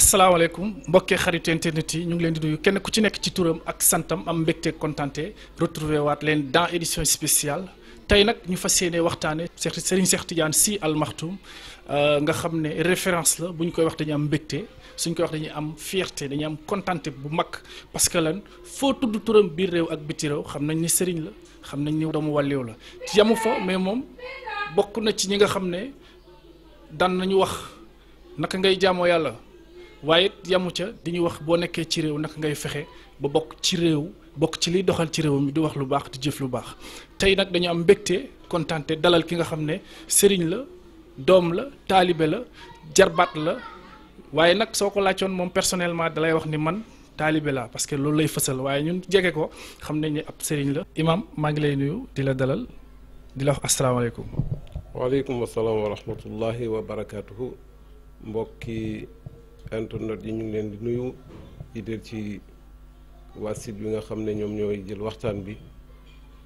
asalaamaaleykum mbokkee xarit internet yi ñu ngi leen di nuyu kenn ku ci nekk ci turam ak santam am mbégte contenté retrouvé waat leen dans édition spéciale tey nag ñu fas yéene waxtaane Serigne Cheikh Tidiane Sy Al Maktoum euh, nga xam ne référence la bu ñu koy wax dañu am mbégte suñ koy wax dañuy am fierté dañu am contenté bu mag parce que lan foo tudd turam biir réew ak biti réew xam nañ ni Serigne la xam nañ ni doomu wàlleew la yamu fa mais moom bokk na ci ñi nga xam ne daan nañu wax naka ngay jaamoo yàlla. waaye yamu ca di ñu wax boo nekkee ci réew nag ngay fexe ba bokk ci réew bokk ci liy doxal ci réew mi di wax lu baax di jëf lu baax tey nag dañu am mbégte kontante dalal ki nga xam ne sëriñ la doom la taalibe la jarbaat la waaye nag soo ko laajoon moom personnellement dalay wax ni man taalibe la parce que loolu lay fësal waaye ñun jege ko xam nañ ne ab sëriñ la. imam maa ngi lay nuyu di la dalal di la wax asalaamaaleykum. waaleykum salaam wa rahmatullahi wa barakaatuhu internet yi ñu ngi leen di nuyu di del ci waa site bi nga xam ne ñoom ñooy jël waxtaan bi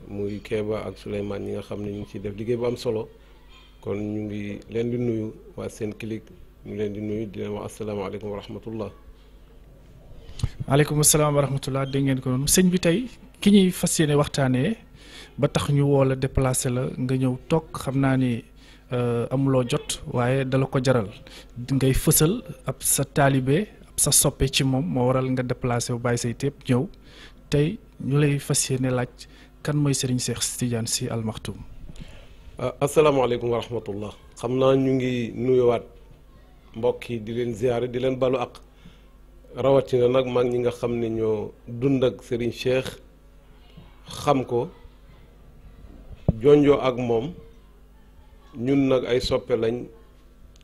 muy Kéba ak Souleymane ñi nga xam ne ñu ngi ciy def liggéey bu am solo kon ñu ngi leen di nuyu waa Senclic ñu ngi leen di nuyu di leen wax asalaamaaleykum wa rahmatullah. maaleykum salaam wa rahmatullah dégg ngeen ko noonu sëñ bi tey ki ñuy fas yéene waxtaanee ba tax ñu woo la déplacé la nga ñëw toog xam naa ni. Euh, amuloo jot waaye dala ko jaral ngay fësal ab sa taalibe ab sa soppe ci moom moo waral nga déplacé wu bàyyi say tépp ñëw tey ñu lay fas yéene laaj kan mooy Serigne Cheikh Tidiane si Al Maktoum. Ah, asalaamaaleykum wa rahmatullah xam naa ñu ngi nuyuwaat mbokk yi di leen ziare di leen balu ak rawatina nag mag ñi nga xam ne ñoo dund ak Serigne Cheikh xam ko jonjoo ak moom. ñun nag ay soppe lañ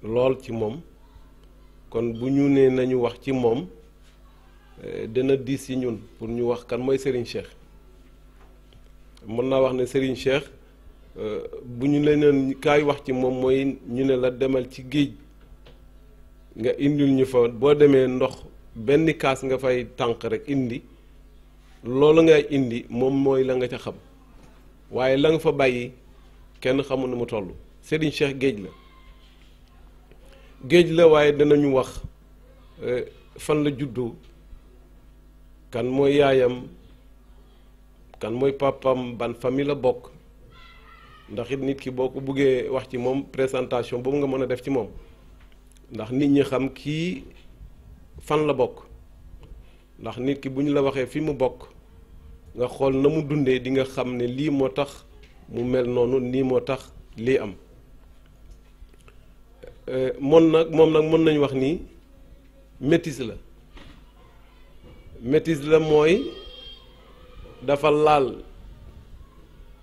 lool ci moom kon bu ñu nee nañu wax ci moom eh, dina diis ci ñun pour ñu wax kan mooy Serigne Cheikh mën naa wax ne sëriñ Cheikh eh, bu ñu leneen kaay wax ci moom mooy ñu ne la demal ci géej nga indil ñu fa boo demee ndox benn kaas nga fay tànk rek indi loolu ngay indi moom mooy la nga ca xam waaye la nga fa bàyyi kenn xamul nu mu toll Serigne Cheikh géej la géej la waaye danañu wax euh, fan la juddoo kan mooy yaayam kan mooy papam ban famille la bokk ndax it nit ki boo ko buggee wax ci moom présentation boobu nga mën a def ci moom ndax nit ñi xam kii fan la bokk ndax nit ki bu ñu la waxee fi mu bokk nga xool na mu dundee di nga xam ne lii moo tax mu mel noonu nii moo tax lii am Euh, moom nag moom nag mën nañu wax nii métis la métis la mooy dafa laal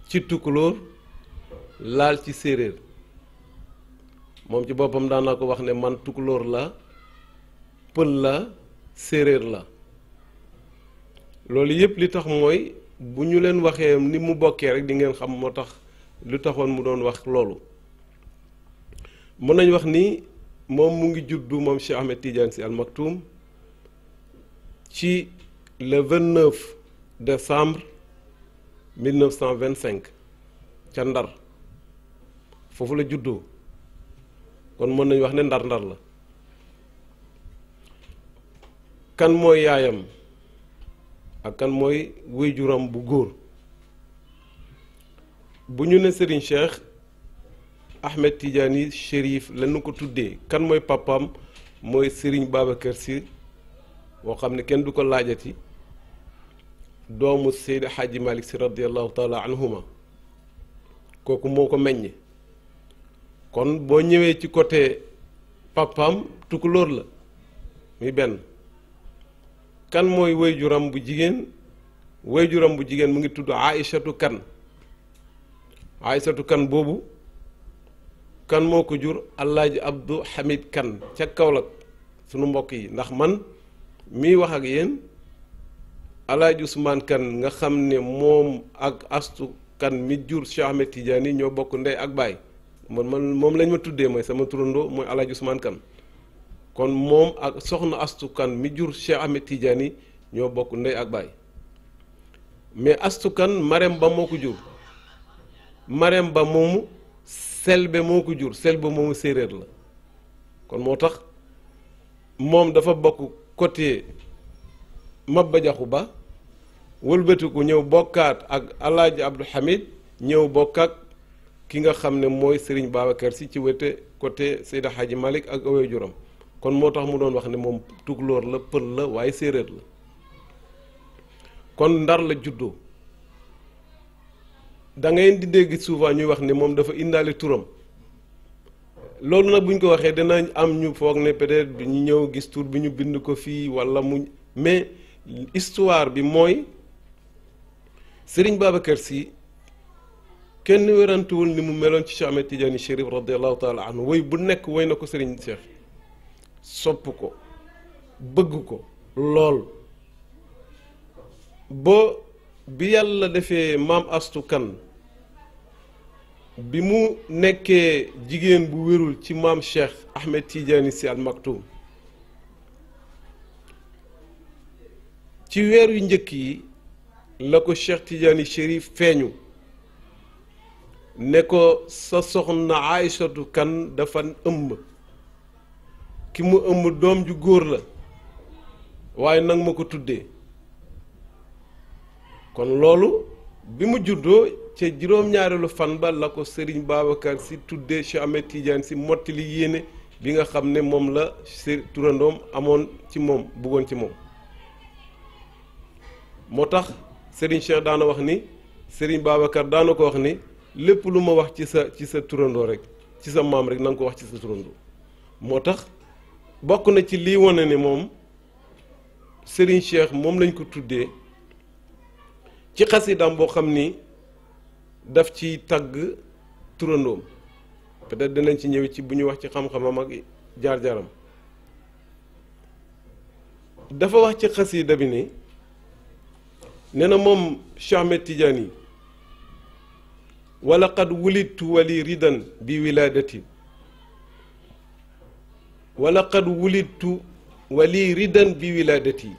ci tukulóor laal ci séeréer moom ci boppam daan naa ko wax ne man tukulóor la pël la séeréer la loolu yëpp li tax mooy bu ñu leen waxee ni mu bokkee rek di ngeen xam moo tax lu taxoon mu doon wax loolu mën nañ wax ni moom mu ngi juddu moom Cheikh Ahmed Tidiane Sy Al Maktoum ci le 29 décembre 1925 ca Ndar foofu la juddoo kon mën nañu wax ne Ndar Ndar la kan mooy yaayam ak kan mooy wéyjuram bu góor bu ñu ne Serigne Cheikh Ahmed Tidiane Chérif lañu ko tuddee kan mooy papam mooy Serigne Babacar si boo xam ne kenn du ko laajati doomu Seydi Hadji Malick Sy radiallahu taala anhuma kooku moo ko meññe kon boo ñëwee ci côté papaam tukulóor la muy benn kan mooy wejuram bu jigéen wejuram bu jigéen mu ngi tudd Aïchatu Kan Aïchatu Kan boobu kan moo ko jur Alaaji Abdou Hamid Kan ca Kaolack sunu mbokk yi ndax man mii wax ak yéen Alaaji Ousmane Kan nga xam ne moom ak Astu Kan mi jur Cheikh Ahmed Tidiane ñoo bokk ndey ak baay man man moom lañ ma tuddee mooy sama turandoo mooy Alaaji Ousmane kon moom ak soxna Astu Kan jur Cheikh Ahmed Tidiane ñoo bokk ak baay mais Astu Kan Marème Ba moo ko jur Marème Ba moomu selbe moo ko jur selbe moomu séeréer la kon moo tax moom dafa bokk côté Maba bajaxu Ba wëlbatiku ñëw bokkaat ak alaaji Abdou Hamid ñëw bokk ak ki nga xam ne mooy Serigne Babacar si ci wete côté Seyda Hadji Malick ak awee juram kon moo tax mu doon wax ne moom tukulóor la pël la waaye séeréer la kon ndar la juddoo da ngeen di dégg souvent ñuy wax ni moom dafa indaale turam loolu nag buñ ko waxee dinañ am ñu foog ne peut-être bi ñu ñëw gis tuur bi ñu bind ko fii walla mu mais histoire bi mooy sëriñ Serigne kër si kenn wérantuwul ni mu meloon ci Cheikh Ahmed Tidiane Chérif radiallahu taala anhu woy bu nekk woy na ko Serigne seex sopp ko bëgg ko lool ba bi yàlla defee maam astu kan bi mu nekkee jigéen bu wérul ci maam Cheikh Ahmed Tidiane Sy Al ci weer yu njëkk yi la ko Cheikh Tidiane Chérif feeñu ne ko sa soxna Aïchatu Kan dafa ëmb ki mu ëmb doom ju góor la waaye nag ma ko tuddee kon loolu bi mu juddoo ca juróom-ñaareelu fan ba la ko sëriñ Babacar si tuddee Cheikh Ahmed Tidiane motti li yéene bi nga xam ne moom la si turandoom amoon ci moom bëggoon ci moom moo tax Serigne Cheikh daana wax ni Serigne Babacar daana ko wax ni lépp lu ma wax ci sa ci sa turandoo rek ci sa maam rek na ko wax ci sa turandoo moo tax bokk na ci lii wane ne moom Serigne Cheikh moom lañ ko tuddee ci xasidaam boo xam ni. daf ci tagg turandoom peut-être dinañ ci ñëw ci bu ñu wax ci xam-xamam ak jaar-jaaram dafa wax ci xasida bi ne nee na moom Cheikh Ahmed Tidiane yi wala qad wulidtu wali ridan bi wilaadati wala qad wulidtu wali ridan bi wilaadati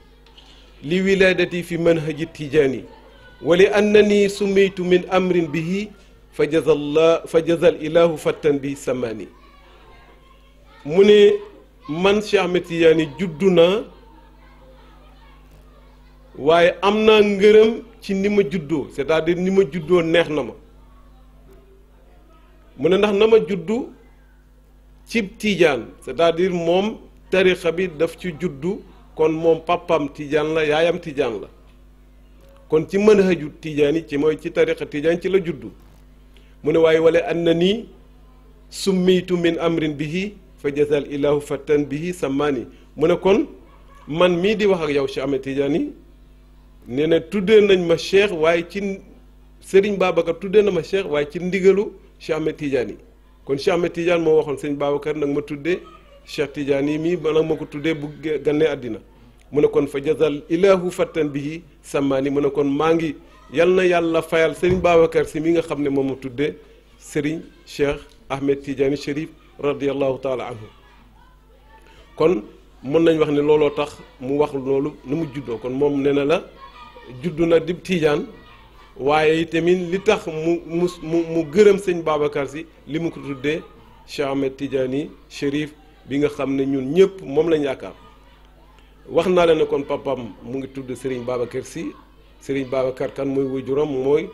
li wilaadati fi manhaji Tidiane yi wa li annani sumitu min amrin bihi fa jazalla fa jazal ilaahu fattan bi samani mu ne man Cheikh Ahmed Tidiane juddu naa waaye am na ngërëm ci ni ma juddoo cest à ni ma juddoo neex na ma mu ne ndax na ma juddu cib tiijaan c'est-à-dire moom tarixa bi daf ci juddu kon moom pappam tiijaan la yaayam tiijaan la kon ci mën manhaju yi ci mooy ci tariqa tijaani ci la juddu mu ne waaye wala an na nii summitu min amrin bihi fa jazal illahu fattan bihi yi mu ne kon man mii di wax ak yow Cheikh Ahmed yi nee ne tuddee nañ ma cheikh waaye ci Serigne Babacar tuddee na ma cheikh waaye ci ndigalu Cheikh Ahmed Tidiane kon Cheikh Ahmed Tidiane moo waxoon sëñ Babacar nag ma tuddee Cheikh Tidiane yi mii nag ma ko tuddee bu gannee àddina mu ne kon fa jazal ilaahu fattan bihi samaani mu ne kon maa ngi yal na yàlla fayal Serigne Babacar si mi nga xam ne moom a tudde Serigne Cheikh Ahmed Tidiane Chérif radiallahu taala anhu kon mën nañ wax ne looloo tax mu wax loolu nu mu juddoo kon moom nee na la juddu na di Tidiane waaye tamit li tax mu mu mu gërëm sëñ Babacar si li mu ko tuddee Cheikh Ahmed Tidiane Chérif bi nga xam ne ñun ñëpp moom lañ yaakaar wax naa leen ne kon papam mu ngi tudd Serigne Babacar si Serigne Babacar kan mooy waajuram mooy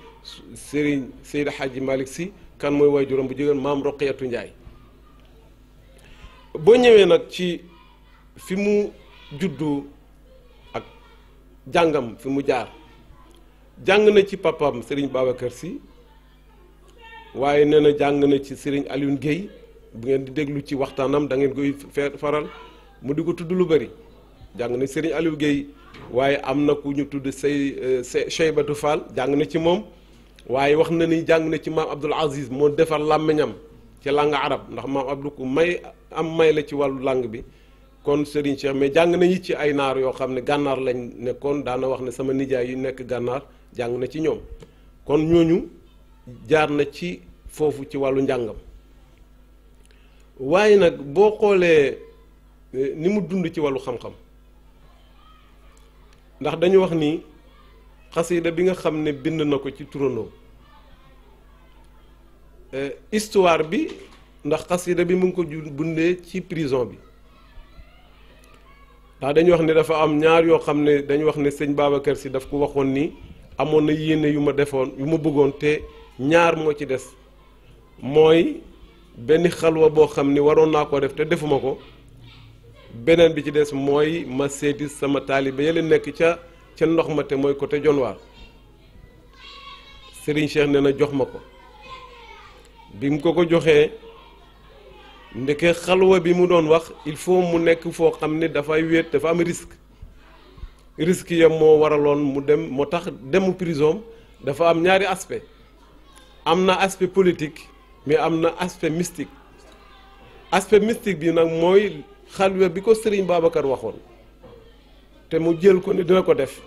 Serigne Seydi Hadji Malick Sy kan mooy juróom bu jigéen maam Roqiyatu Njaay boo ñëwee nag ci fi mu juddu ak jàngam fi mu jaar jàng na ci papam sëriñ Babacar si waaye nee na jàng na ci sëriñ Alioune Guèye bu ngeen di déglu ci waxtaanam da ngeen koy faral mu di ko tudd lu bari jàng na Serigne Aliou Guèye waaye am na ku ñu tudd say euh, Cheybatu Fall jàng na ci moom waaye wax na ni jàng na ci maam Abdoul Aziz moo defar làmmiñam ci langue arab ndax maam Abdou ku may am may la ci wàllu langue bi kon Serigne Cheikh mais jàng nañu ci ay naar yoo xam ne gànnaar lañ nekkoon daana wax ne sama nijaay yu nekk gànnaar jàng na ci ñoom kon ñooñu jaar na ci foofu ci wàllu njàngam waaye nag boo xoolee euh, ni mu dund ci wàllu xam-xam ndax dañu wax ni xasida bi nga xam ne bind na ko ci turandoo eh, histoire bi ndax xasida bi mu ngi ko bundee ci prison bi ndax dañu wax ne dafa am ñaar yoo xam ne dañu wax ne sëñ Babacar si daf ko waxoon ni amoon na yéene yu ma defoon yu ma bëggoon te ñaar moo ci des mooy benn xalwa boo xam ni waroon naa ko def te defuma ko beneen bi ci des mooy ma seeti sama taalibe yële nekk ca ca ndox ma te mooy côté jonwaar Serigne Cheikh nee na jox ma ko bi mu ko ko joxee ndeke xalwa bi mu doon wax il faut mu nekk foo xam ne dafay wéet dafa am risque risque ya moo waraloon mu dem moo tax demu prison dafa am ñaari aspect am na aspect politique mais am na aspect mystique aspect mystique bi nag mooy xalwa bi ko sëriñ Babacar waxoon te mu jël ko ne dina ko def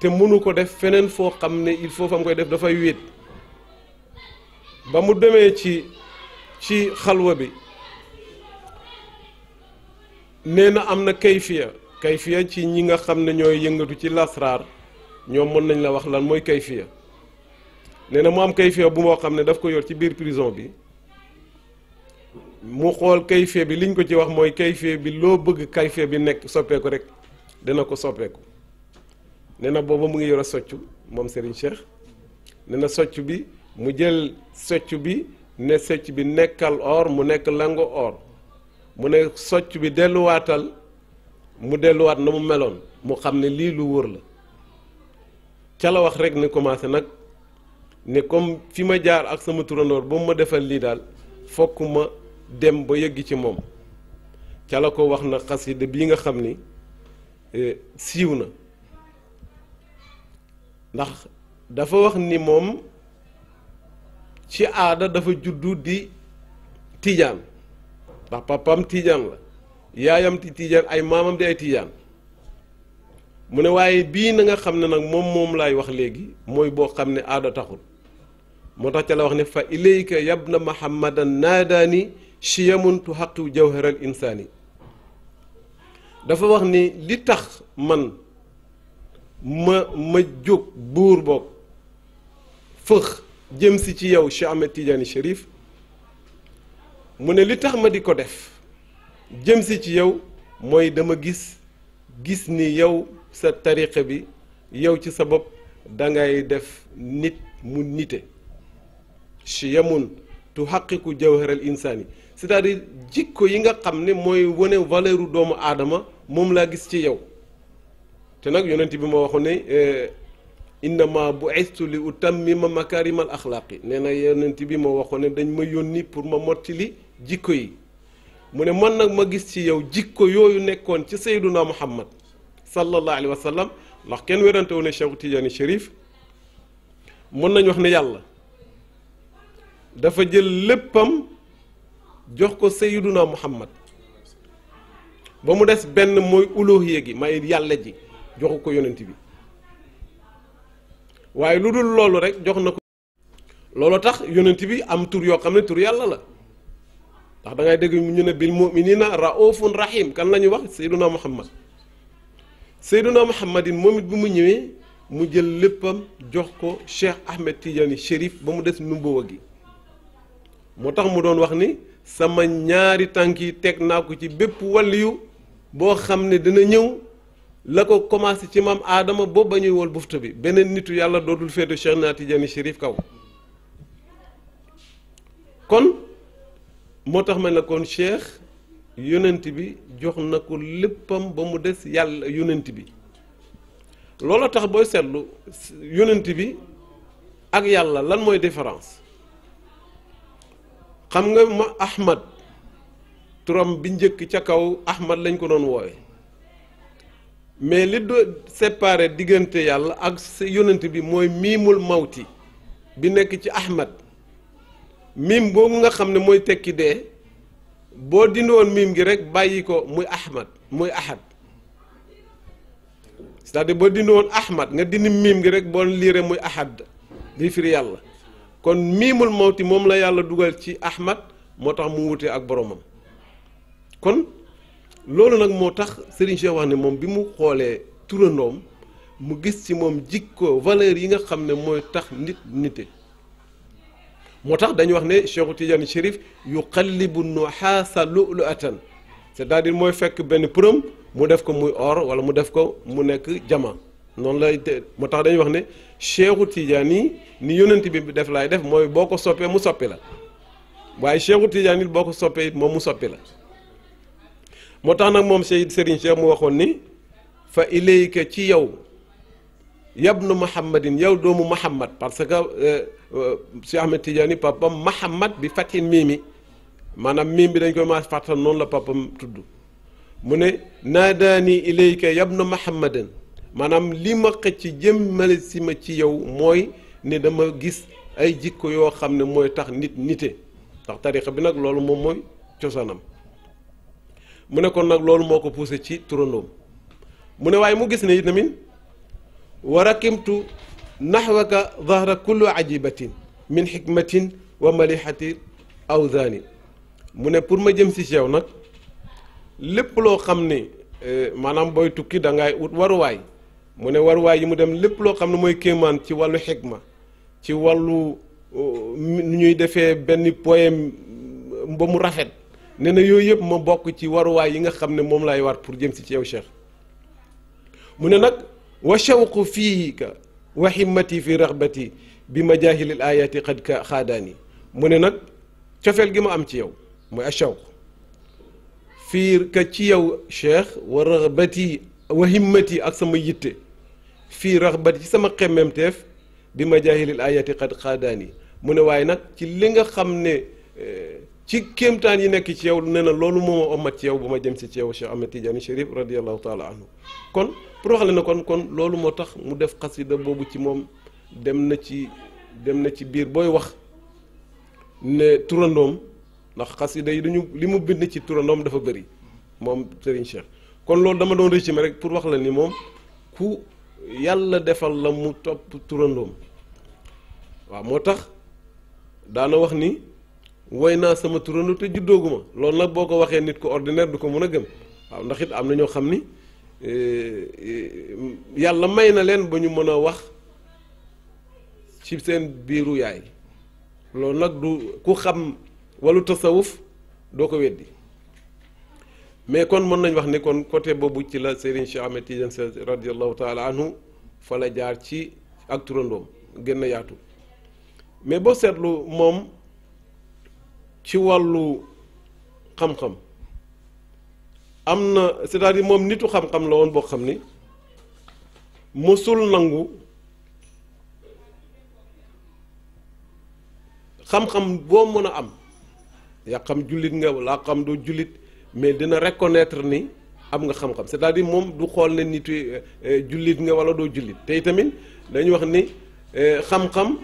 te mënu ko def feneen foo xam ne il faut fa koy def dafay wéet ba mu demee ci ci xalwa bi nee na am na kayfiya kayfiya ci ñi nga xam ne ñooy yëngatu ci lasraar ñoom mën nañ la wax lan mooy kayfiya nee na mu am kayfiya bu moo xam ne daf ko yor ci biir prison bi mu xool kayfee bi liñ ko ci wax mooy kayfee bi loo bëgg kayfee bi nekk soppeeku rek dina ko soppeeku ne na booba mu ngi yor soccu moom Serigne Cheikh nee na soccu bi mu jël soccu bi ne soccu bi nekkal or mu nekk lango or mu ne soccu bi delluwaatal mu delluwaat na mu meloon mu xam ne lii lu wóor la ca la wax rek ni commencé nag ne comme fi ma jaar ak sama turandoor ba mu ma defal lii daal fokk ma dem ba yëgg ci moom ca la ko wax na xasida bii nga xam ni e, siiw na ndax dafa wax ni moom ci aada dafa juddu di tiijaan ndax papam tiijaan la yaayam di tiijaan ay maamam di ay tiijaan mu ne waaye bii nanga xam ne nag moom moom laay wax léegi mooy boo xam ne aada taxul moo tax ca la wax ne fa ilayka na muhammadan naadaani chiyamun tuxaqi jawharal insaani dafa wax ni li tax man ma ma jóg buur boog fëx jëm si ci yow Cheikh Ahmed Tidiane Chérif mu ne li tax ma di ko def jëm si ci yow mooy dama gis gis ni yow sa tariqa bi yow ci sa bopp dangay def nit mu nite chiyamun tuxaqiku jawharal insaani c'est-à-dire jikko yi nga xam ne mooy wane valeur doomu aadama moom laa gis ci yow te nag yonent bi ma waxoon ne eh, innama bu'istu li utammima makarimal axlaaqi nee na yonent bi ma waxoon ne dañ ma yónni pour ma mottali jikko yi mu ne man nag ma gis ci yow jikko yooyu nekkoon ci sayduna muhammad sallallahu alayhi wa sallam ndax kenn werante wu ne Cheikh Tidiane Chérif mën nañ wax ne yàlla dafa jël léppam jox ko Sayyiduna Muhammad ba mu des benn mooy uluhiyya gi may yàlla ji joxu ko yonent bi waaye lu dul loolu rek jox na ko looloo tax yonent bi am tur yoo xam ne tur yàlla la ndax dangay ngay dégg ñu ne bil mu'minina raufun rahim kan la ñu wax Sayyiduna Muhammad Sayyiduna Muhammadin moom it bi mu ñëwee mu jël léppam jox ko Cheikh Ahmed Tidiane Chérif ba mu des numbawa gi moo tax mu doon wax ni sama ñaari tànk yi teg naa ko ci bépp waliyu boo xam ne dina ñëw la ko commencé ci maam aadama boobu ba ñuy wol bufta bi beneen nitu yàlla dootul féetu Cheikh na Tidiane Chérif kaw kon moo tax ma nekkoon kon Cheikh yonent bi jox na ko léppam ba mu des yàlla yonent bi loolu tax booy seetlu yonent bi ak yàlla lan mooy différence xam nga ma ahmad turam bi njëkk ca kaw ahmad lañ ko doon woowe mais li do séparé diggante yàlla ak yonent bi mooy miimul mawti bi nekk ci ahmad miim boobu nga xam ne mooy tekki dee boo dindi woon miim gi rek bàyyi ko muy ahmad muy ahad cest boo dindi woon ahmad nga dindi miim gi rek boo liire muy ahad di firi yàlla kon miimul mawti moom la yàlla dugal ci ahmad moo tax mu wutee ak boroomam kon loolu nag moo tax Serigne Cheikh wax ne moom bi mu xoolee turandoom mu gis ci moom jikko valeur yi nga xam ne mooy tax nit nite moo tax dañu wax ne Cheikhu Tidiane Chérif yu xallibu nuxaasa lu lu atan c'est-à-dire mooy fekk benn përëm mu def ko muy or wala mu def ko mu nekk jama noonu lay te moo tax dañuy wax ne Cheikhu Tidiane ni yonent bi def laay def mooy boo ko soppee mu soppi la waaye Cheikhu Tidiane boo ko soppee it moom mu soppi la moo tax nag moom Seyd Serigne Cheikh mu waxoon ni fa ilayka ci yow yabnu Muhammadin yow doomu Muhammad parce que euh, euh, Cheikh Ahmed Tidiane papam Muhammad bi fatin miimi maanaam miim bi dañ koy maa fàttal noonu la papam tudd mu ne naadaani ilayka yabnu Muhammadin maanaam li ma xëcc jëmmale si ma ci yow mooy ne dama gis ay jikko yoo xam ne mooy tax nit nite ndax tarixa bi nag loolu moom mooy cosaanam mu ne kon nag loolu moo ko poussé ci turandoom mu ne waaye mu gis ne itamit wa rakimtu naxwaka dahra kullu ajibatin min xikmatin wa malihati awzaani mu ne pour ma jëm si ceew nag lépp loo xam ne eh, maanaam booy tukki da ngay ut waruwaay mu ne waruwaay yi mu dem lépp loo xam ne mooy kéemaan ci wàllu xikma ci wàllu uh, nu ñuy defee benn poème uh, ba mu rafet nee na yooyu yëpp ma bokk ci waruwaay yi nga xam ne moom laay war pour jëm si ci yow cheikh mu ne nag wa ko fii wa himmati fi raxbati bi majaahilil ayaati xad ka mu ne nag cofeel gi ma am ci yow mooy ashawq fii ka ci yow cheikh wa raxbati wa ak sama yitte fii raxbati ci sama xemmemteef bi ma jaahilil ayati xad xaadaan yi mu ne waaye nag ci li nga xam ne eh, ci kéemtaan yi nekk ci yow nee na loolu moo ma omat ci yow ma jëm si ci yow Cheikh Ahmed Tidiane Chérif radiallahu taala anhu kon pour wax la ne kon kon loolu moo tax mu def xasida boobu ci moom dem na ci dem na ci biir booy wax ne turandoom ndax xasida yi dañu li mu bind ci turandoom dafa bëri moom Serigne Cheikh kon loolu dama doon résumé rek pour wax la ni yàlla defal la mu topp turandoom waaw moo tax daana wax ni woy naa sama turando te juddooguma loolu nag boo ko waxee nit ko ordinaire du ko mën a gëm waaw ndax it am na ñoo xam ni e, e, yàlla may na leen ba ñu mën a wax ci seen biiru yaay loolu nag du ku xam wallu tasawuf doo ko weddi mais kon mën nañ wax ne kon côté boobu ci la Serigne Cheikh Ahmed Tidiane Sy radiallahu taala anhu fa la jaar ci ak turandoom gën yaatu mais boo seetlu moom ci wàllu xam-xam am na cest à moom nitu xam-xam la woon boo xam ni mosul nangu xam-xam boo mën a am yaa xam jullit nga wala xam du jullit mais dina reconnaître ni am nga xam-xam c'est-à-dire moom du xool ne nit euh, euh, jullit nga wala doo jullit te tamit dañu wax ni euh, xam-xam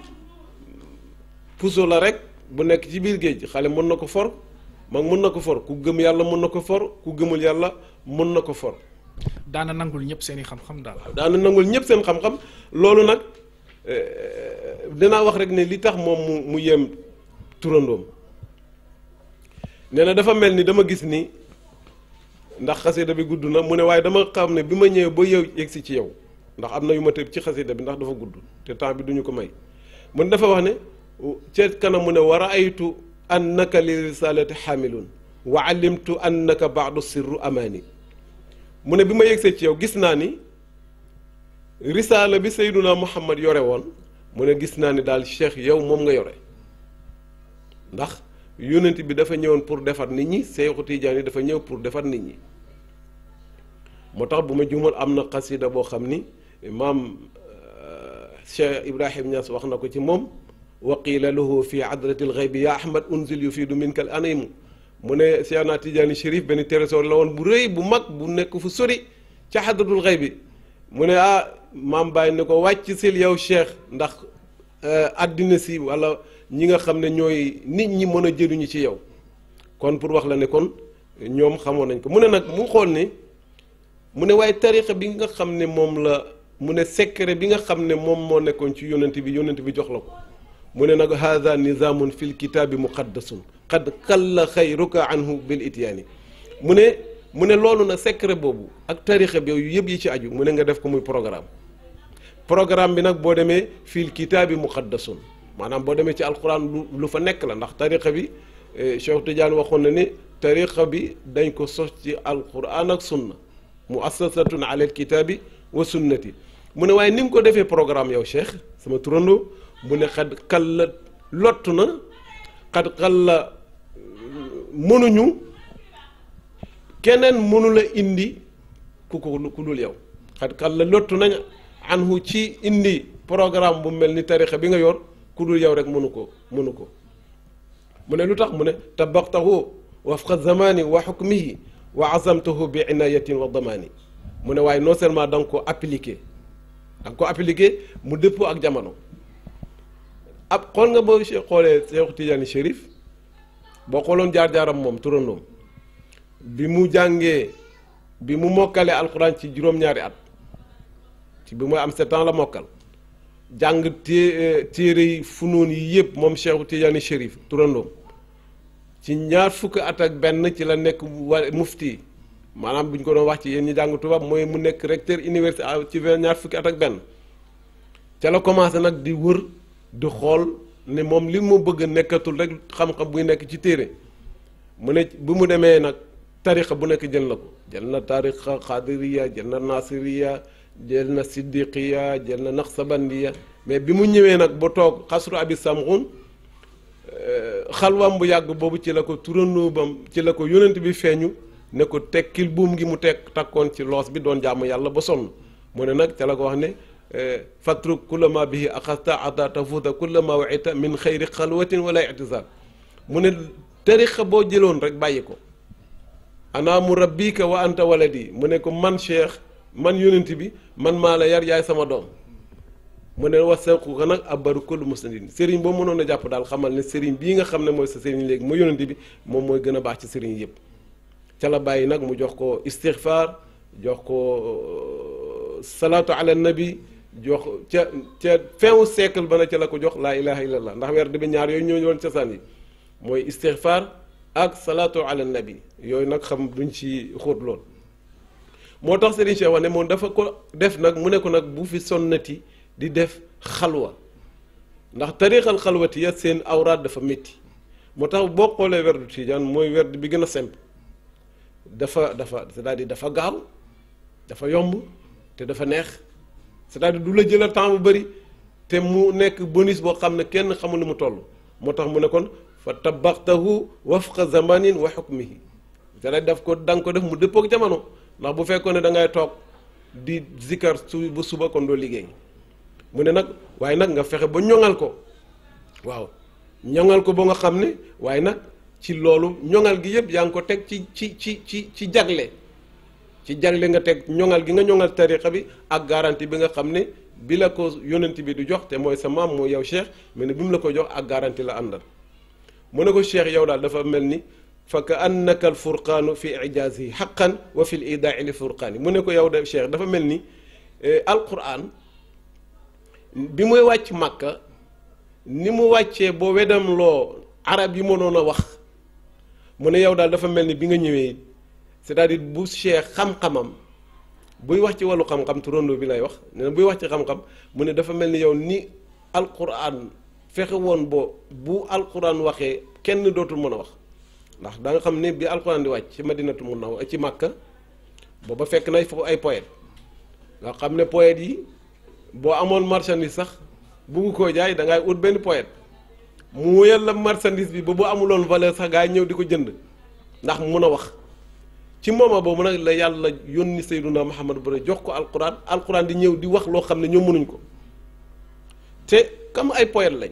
puso la rek bu nekk ci biir géej xale mën na ko for mag mën na ko for ku gëm yàlla mën na ko for ku gëmul yàlla mën na ko for. daana nangul ñëpp seen i xam-xam daal. daana ñëpp seen xam loolu nag dinaa wax rek ne li tax moom mu mu yem turandoom nee na dafa mel ni dama gis ni. ndax xasida bi gudd na mu ne waaye dama xam ne bi ma ñëwee ba yow yegsi ci yow ndax am na yu ma tëb ci xasida bi ndax dafa gudd te temps bi duñu ko may mun dafa wax ne ceet kanam mu ne wa raaytu annaka li risalati xaamilun wa alimtu annaka baadu sirru amaani mu ne bi ma yegsee ci yow gis naa ni risaala bi sayduna muhammad yore woon mu ne gis naa ni daal cheikh yow moom nga yore ndax yónnent bi dafa ñëwoon pour defar nit ñi Seexu Tijaan yi dafa ñëw pour defar nit ñi moo tax bu ma juumal am na xasida boo xam ni maam euh, Cheikh Ibrahim Niass wax na ko ci moom wa qiila lahu fi adrati bi ya ahmad unzil yufiidu du al anaymu mu ne Seexna Tijaani Chérif benn trésor la woon bu rëy bu mag bu nekk fu sori ca xadratul xay bi mu ne ah maam bàyyi ne ko wàcc sil yow cheikh ndax euh, addina si wala ñi nga xam ne ñooy nit ñi mën a jëriñu ci yow kon pour wax la ne kon ñoom xamoon nañ ko mu ne nag mu xool ni mu ne waaye tarixa bi nga xam ne moom la mu ne secret bi nga xam ne moom moo nekkoon ci yonent bi yonent bi jox la ko mu ne nag haada nizaamun fil kitaabi muqaddasun qad qalla xayruka anhu bil ityaani mu ne mu ne loolu nag secret boobu ak tarixa bi yëpp yi ci aju mu ne nga def ko muy programme programme bi nag boo demee fii fil kitaabi muqaddasun maanaam boo demee ci alquran lu fa nekk la ndax tarixa bi eh, Cheikh Tidiane waxoon na ni tarixa bi dañ ko sos ci alquran ak sunna mu assasatun ala alkitaabi wa sunnati mu ne waaye ni ko defee programme yow Cheikh sama turandoo mu ne xad xal la lott na xad xal la mm, mënuñu keneen mënula indi ku ko ku dul yow xad xal la lottu nañ anhu ci indi programme bu mel ni tarixa bi nga yor ku dul yow rek mënu ko mënu ko mu ne lu tax mu ne tabaxtahu wafqa zamani wa xukmihi wa azamtuhu bi inayatin wa damaani mu ne waaye non seulement da nga ko appliqué da ko appliqué mu dëppoo ak jamono ab xool nga boo xoolee Cheikh Tidiane Chérif boo xooloon jaar-jaaram moom turandoom bi mu jàngee bi mu mokkalee alxuraan ci juróom-ñaari at ci bi muy am sept ans la mokkal jàng té téere yi funoon yi yëpp moom Cheikh Tidiane Chérif turandoom ci ñaar fukki at ak benn ci la nekk war mufti maanaam bu ñu ko doon wax ci yéen ñi jàng tubaab mooy mu nekk recteur université ah, ci ñaar fukki at ak benn ca la commencé nag di wër di xool ne moom li mu bëgg nekkatul rek xam-xam buy nekk ci téere mu ne bu mu demee nag tarixa bu nekk jël na ko jël na tarixa xaadiriya jël na nasiriya jël na siddiqiya jël na naxsabandiya mais bi mu ñëwee nag bu toog xasru abi samxun Euh, xalwam bu yàgg boobu ci la ko turandoo bam ci la ko yonent bi feeñu ne ko tekkil buum gi mu tekk takkoon ci loos bi doon jàmm yàlla ba sonn mu ne nag ca la ko wax ne euh, fatruk kullama bihi axasta ata tafuuta kullama waita min xayri xalwatin wala itisal mu ne tariqa boo jëloon rek bàyyi ko ana murabbika wa anta di mu ne ko man cheikh man yonent bi man maa la yar yaay sama doom mu ne wa sawquka nag abaru kullu musnadin sëriñ boo mënoon a jàpp daal xamal ne sëriñ bii nga xam ne mooy sa sëriñ léegi mu yonante moom mooy gën a baax ci sëriñ yëpp ca la bàyyi nag mu jox ko istixfaar jox ko euh, salaato ala nabi jox ca ca fin siècle ba na ca la ko jox laa ilaha illallah ndax weer bi ñaar yooyu ñoo woon cosaan yi mooy istixfaar ak salaato ala nabi yooyu nag xam duñ ci xóot lool moo tax sëriñ Cheikh wax ne moom dafa ko def nag mu ne ko nag bu fi sonnati di def xalwa ndax tariixal xalwatiya seen awraat dafa metti moo tax boo xoolee werdu tiijan mooy werd bi gën a simple dafa dafa cest dafa gaaw dafa yomb te dafa neex cest à du la a temps bu bari te mu nekk bonus boo xam ne kenn xamul nu mu toll moo tax mu ne kon fa tabaxtahu wafqa zamanin wa xukmihi cest à daf ko da ko def mu dëppook jamono ndax bu fekkoon ne da ngay toog di zikkar su bu suba kon doo liggéey mu ne nag waaye nag nga fexe ba ñoŋal ko waaw ñoŋal ko ba nga xam ne waaye nag ci loolu ñoŋal gi yëpp yaa ngi ko teg ci ci ci ci ci jagle ci jagle nga teg ñoŋal gi nga ñoŋal tariqa bi ak garanti bi nga xam ne bi la ko yonent bi du jox te mooy sa maam mooy yow cheikh mais ne bi mu la ko jox ak garanti la àndal mu ne ko cheikh yow daal dafa mel ni fa ka annaka al furqaanu fi yi xaqan wa fi l idaai li yi mu ne ko yow de cheikh dafa mel ni eh, alquran bi muy wàcc Makka ni mu wàccee boo wedam loo arab yi mënoon a wax mu ne yow daal dafa mel ni bi nga ñëwee c'est-à-dire bu Cheikh xam-xamam buy wax ci wàllu xam-xam turandoo bi lay wax ne buy wax ci xam-xam mu ne dafa mel ni yow ni alquran fexe woon boo bu alquran waxee kenn dootul mën a wax ndax danga xam ne bi alquran di wàcc ci madinatu mu naw ci Makka booba fekk nay foofu ay poète nga xam ne poète yi boo amoon marchandise sax bugg ko jaay da ngay ut benn poète mu yàlla la bi ba bu amuloon valeur sax gaa ñëw di ko jënd ndax mu mun a wax ci moment boobu a la yàlla yónni Sayyiduna Muhammad bëri jox ko alquran alquran di ñëw di wax loo xam ne ñoom mënuñ ko te comme ay poète lañ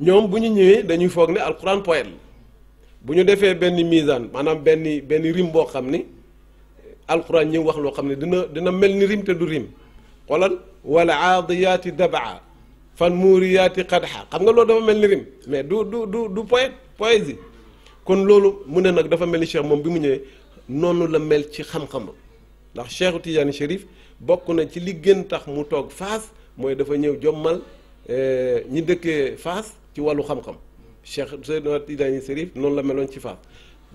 ñoom bu ñu ñëwee dañuy foog ne alquran poète la bu ñu defee benn misaan maanaam benn benn rim boo xam ni alquran ñëw wax loo xam ne dina dina mel ni rim te du rim. xoolal wal aadiyaati dabaa fan muuriyaati qadxa xam nga loolu dafa mel ni rim mais du du du du poète poésie kon loolu mu ne nag dafa mel ni cheikh moom bi mu ñëwee noonu la mel ci xam-xam ndax cheikhu Tidiane Chérif bokk na ci li gën tax mu toog Faas mooy dafa ñëw jommal eh, ñi dëkkee Faas ci wàllu xam-xam cheikh Seydina Tidiane noonu la meloon ci Faas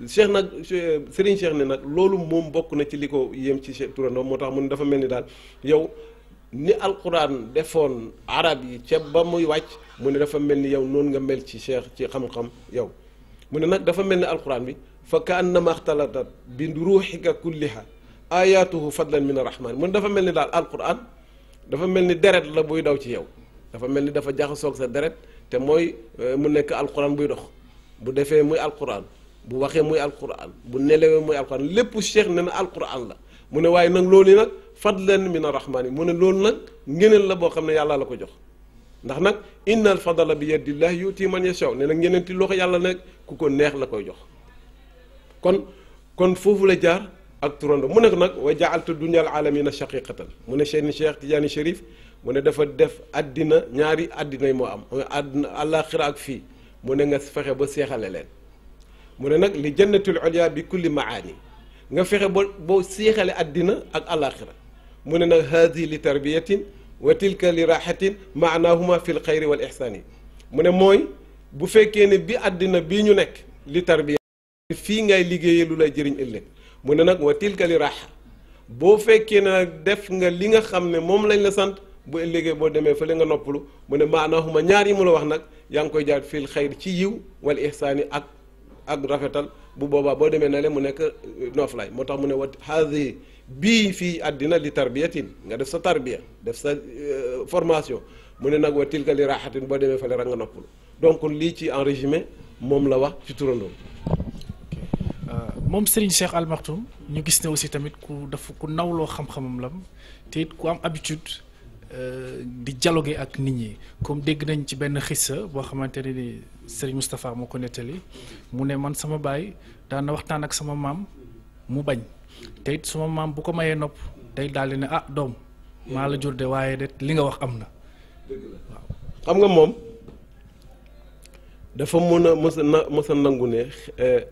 cheikh nag Serigne Cheikh ne nag loolu moom bokk na ci li ko yem ci cheikh moo tax mu ne dafa mel ni daal yow ni alquran defoon arab yi ca ba muy wàcc mu ne dafa mel ni yow noonu nga mel ci cheikh ci xam-xam yow mu ne nag dafa mel ni alquran bi fa kaannama axtalatat bi ruuxika kulliha ayatuhu fadlan min arrahman mu ne dafa mel ni daal alquran dafa mel ni deret la buy daw ci yow dafa mel ni dafa jaxasoog sa deret te mooy euh, mu nekk alquran buy dox bu defee muy alquran bu waxee muy alquran bu nelewee muy alquran lépp cheikh ne na alquran la mu ne waaye nag loolu nag fadlan min arrahmaani mu ne loolu nag ngeneen la boo xam ne yàlla la ko jox ndax nag innal fadala bi yadillahi yuti man yashaw ne nag ti loxo yàlla nag ku ko neex la koy jox kon kon foofu la jaar ak turando mu ne ko nag wa jaaltu dunia al alamina shaqiqatan mu ne Cheikh Cheikh Tidiane Chérif mu ne dafa def àddina ñaari àddina yi moo am àddina àllaaxira ak fii mu ne nga fexe ba seexale leen mu ne nag li jannatul ulia bi kulli maani nga fexe ba boo seexale àddina ak àllaaxira mu ne nag haadi li tarbiyatin wa tilka li raxatin maanaahuma fil l xayri wal yi mu ne mooy bu fekkee ne bi àddina bi ñu nekk li tarbiya fii ngay liggéeyee lu lay jëriñ ëllëg mu ne nag wa tilka li boo fekkee ne nag def nga li nga xam ne moom lañ la sant bu ëllëgee boo demee fa li nga noppalu mu ne maanaahuma ñaar yi mu la wax nag yaa ngi koy jaar fil xayri ci yiw wal ixsaani ak ak rafetal bu boobaa boo demee na le mu nekk euh, noof laay moo tax mu ne wa haadi bii fii àddina li tarbiyatin nga def sa tarbiya def sa euh, formation mu ne nag wa tilka li raaxatin boo demee fa ra nga noppalu donc lii ci en résumé moom la wax ci turandoom euh, moom Serigne Cheikh Al ñu gis ne aussi tamit ku dafa ku nawloo xam-xamam lam te it ku am habitude euh, di dialoguer ak nit ñi comme dégg nañ ci benn xissa boo xamante ne ni Serigne Moustapha moo ko nettali mu ne man sama baay daan waxtaan ak sama maam mu bañ. te it suma maam bu ko mayee nopp tey daal di ne ah doom maa la jur de waaye de li nga wax am na waaw. xam nga moom dafa mën a mës a na nangu ne eh,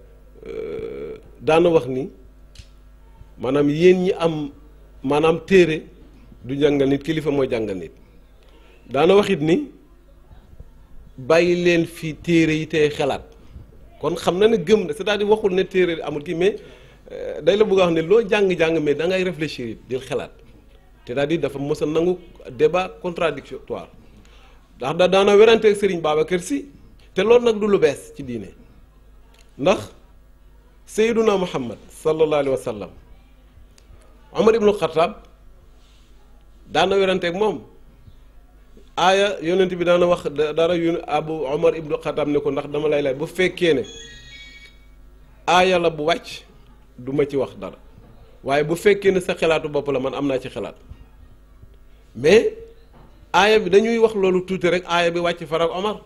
eh, daana wax ni maanaam yéen ñi am maanaam téere du jàngal nit kilifa mooy jàngal nit daana waxit ni bàyyi leen fi téere yi tey xalaat kon xam na ne gëm na c'est-à-dire waxul ne téere amul kii mais. Euh, day la bëgg a wax ne loo jàng-jàng mais da ngay réfléchir di xalaat te daal di dafa mës a nangu débat contradictoire ndax da daana werante Serigne kër si te loolu nag du lu bees ci diine ndax Seyduna Muhammad sallallahu alayhi wa sallam Omar ibnu Xataab daana weranteeg moom aaya yonent bi daana wax dara yu abu Omar ibnu Xataab ne ko ndax dama lay lay bu fekkee ne aaya la bu wàcc duma ci wax dara waaye bu fekkee ne sa xalaatu bopp la man am naa ci xalaat mais aaya bi dañuy wax loolu tuuti rek aaya bi wàcc Faraw Omar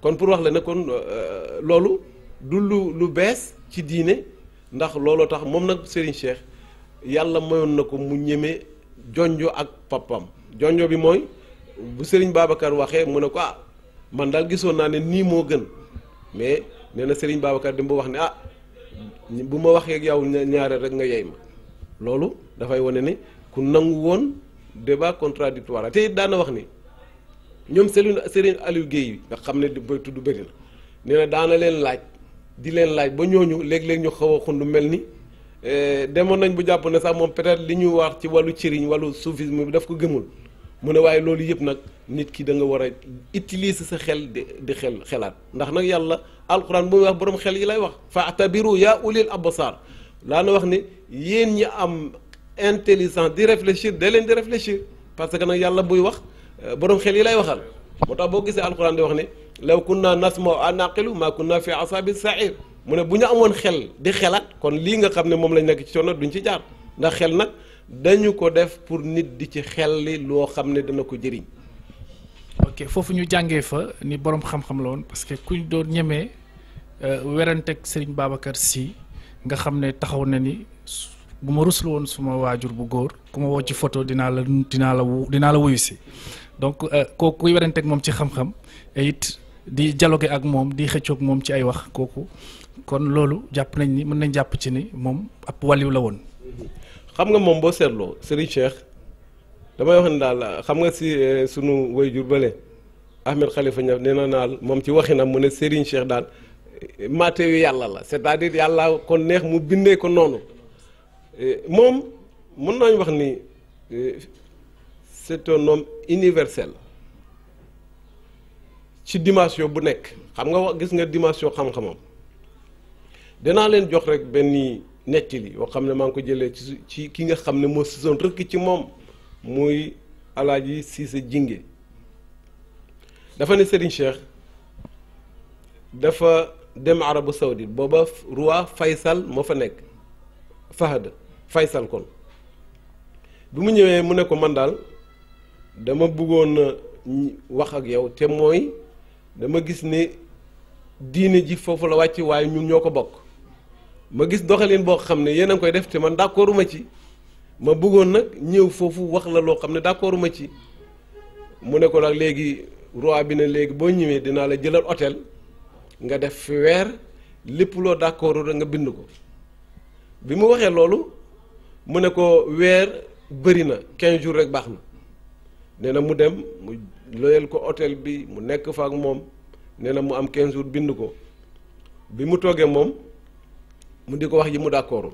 kon pour wax la ne kon euh, loolu du lu lu bees ci diine ndax looloo tax moom nag Serigne Cheikh yàlla mayoon na ko mu ñeme jonjo ak papam jonjo bi mooy bu Serigne Babacar waxee mu ne ko ah man daal gisoon naa ne nii moo gën mais nee na Serigne Babacar dem ba wax ne ah. bu ma waxee ak yow ñaareel rek nga yey ma loolu dafay wane ni ku nangu woon débat contradictoire te it daana wax ni ñoom Serigne Serigne Aliou Guèye yi nga xam ne di ba tudd bëri la nee na daana leen laaj di leen laaj ba ñooñu léeg-léeg ñu xaw a xundu mel ni eh, demoon nañ bu jàpp ne sax moom peut li ñu wax ci wàllu cëriñ wàllu soufisme bi daf ko gëmul mu ne waaye loolu yëpp nag nit ki da nga war a utiliser sa xel di di xel xelaat ndax nag yàlla alquran bu muy wax borom xel yi lay wax fa'tabiru yaa ulil absar laana wax ni yéen ñi am intelligence di réfléchir de leen di réfléchir parce que nag yàlla buy wax euh, borom xel yi lay waxal moo tax boo gisee alquran di wax ne law kunna nasma'u a naqilu ma kunna fi asabi sa'ir mu ne bu ñu amoon xel di xelaat kon lii nga xam ne moom lañu nekk ci coono duñ ci jaar ndax xel nag dañu ko def pour nit di ci xel li loo xam ne dana ko jëriñ ok foofu ñu jàngee fa ni borom xam-xam la woon parce que kuñ doon ñemee euh, weranteeg Serigne Babacar Sy nga xam ne taxaw na ni bu ma ruslu woon suma waajur bu góor ku ma woo ci photo dinaa la dinaa la wu dinaa la wuyu si donc euh, kooku weranteek moom ci xam-xam it di dialoguer ak moom di xëccoog moom ci ay wax kooku kon loolu jàpp nañ ni mën nañ jàpp ci ni moom ab waliw la woon. xam nga moom boo seetloo Serigne Cheikh. damay wax ne daal la xam nga si euh, sunu wayjur bële Ahmed Khalifa Niass nee na naal moom ci waxinam mu ne Serigne Cheikh daal maate yu yàlla la c'est-à-dire yàlla kon neex mu bindee ko noonu euh, moom mën nañu wax ni euh, c'est noom homme ci dimension bu nekk xam nga wax gis nga dimension xam-xamam dinaa leen jox rek benn nettali yoo xam ne maa ngi ko jëlee ci ci ki nga xam ne moo sësoon rëkk ci moom muy alaaji Cissé Jinge dafa ne Serigne Cheikh dafa dem arabu saoudite booba roi Faysal ma fa nekk Fahad Faysal kon bi mu ñëwee mu ne ko man daal dama bëggoon wax ak yow te mooy dama gis ne diine ji foofu la wàcc waaye ñun ñoo ko bokk ma gis doxalin boo xam ne yéen a ngi koy def te man d'accorduma ci ma bëggoon nag ñëw foofu wax la loo xam ne d'accord ma ci mu ne ko nag léegi roi bi ne léegi boo ñëwee dinaa la jëlal hôtel nga def fi weer lépp loo d'accord da nga bind ko bi mu waxee loolu mu ne ko weer bëri na 15 jours rek baax na nee na mu dem mu loyal ko hôtel bi mu nekk fa ak moom nee na mu am quinze jours bind ko bi mu toogee moom mu di ko wax yi mu d'accord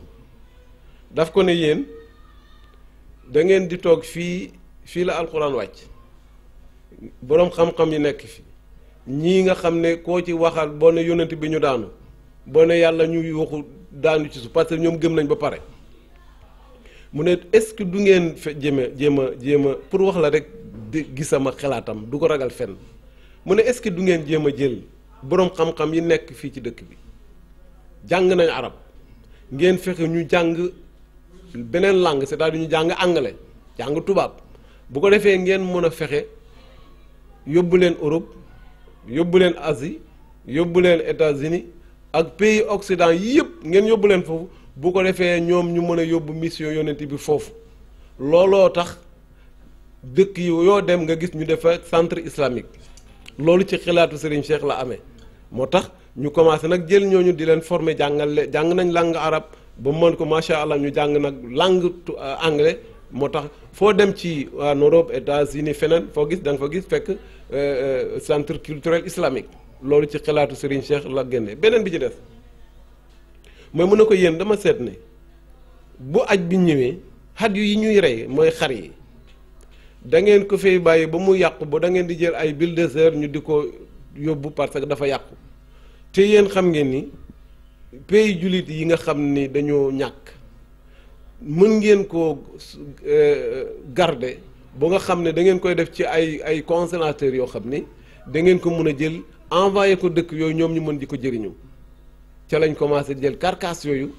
daf ko ne yéen. da ngeen di toog fii fii la alxuraan wàcc boroom xam-xam yi nekk fi ñii nga xam ne koo ci waxal boo ne yonent bi ñu daanu boo yàlla ñuy yuuxu daanu ci su parce que ñoom gëm nañ ba pare mu ne est-ce que du ngeen fe jéem a jéem a pour wax la rek di gisama xalaatam du ko ragal fenn mu ne est-ce que du ngeen jéem a jël boroom xam-xam yi nekk fii ci dëkk bi jàng nañ arab ngeen fexe ñu jàng beneen làng cest duñu dire ñu jàng anglais jàng tubaab bu ko defee ngeen mën a fexe yóbbu leen Europe yóbbu leen asi yóbbu leen États-Unis ak pays Occident yëpp ngeen yóbbu leen foofu bu ko defee ñoom ñu mën a yóbbu mission yonent bi foofu looloo tax dëkk yi yoo dem nga gis ñu defa centre islamique loolu ci xilaatu Serigne Cheikh la amee moo tax ñu commencé nag jël ñooñu di leen former jàngal jàng nañ làng arab ba mën ko macha allah ñu jàng nag langue euh, anglais moo tax foo dem ci en Europe États-Unis feneen foo gis danga nga gis fekk euh, euh, centre culturel islamique loolu ci xalaatu Serigne Cheikh la génne beneen bi ci des mooy mën na ko yéen dama seet ne bu aj bi ñëwee xat yu yi ñuy rey mooy xar yi da ngeen ko fay bàyyi ba mu yàqu ba da ngeen di jël ay bulldozer ñu di ko yóbbu parce que dafa yàqu te yéen xam ngeen nii pays jullit yi nga xam ni dañoo ñàkk mën ngeen koo euh, garde ba nga xam ne da ngeen koy def ci ay ay concentrateurs yoo xam ni da ngeen ko mën a jël envoyé ko dëkk yooyu ñoom ñu mën di ko jëriñu ca lañ commencé jël carcasse yooyu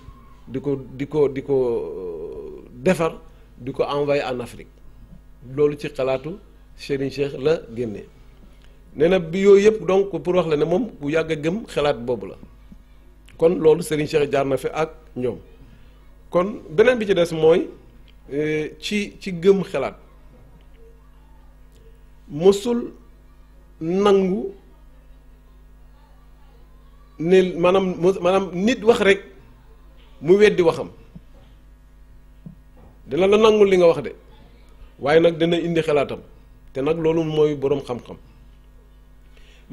di ko di ko di ko euh, defar di ko envoyé en Afrique loolu ci xalaatu Serigne Cheikh la génne nee na bi yooyu yëpp donc pour wax la ne moom bu yàgg a gëm xalaat boobu la kon loolu Serigne Cheikh jaar na fi ak ñoom kon beneen bi ci des mooy e, ci ci gëm xalaat mosul nangu ne maanaam maanaam nit wax rek mu weddi waxam dina la nangul li nga wax de waaye nag dina indi xalaatam te nag loolu mooy boroom xam-xam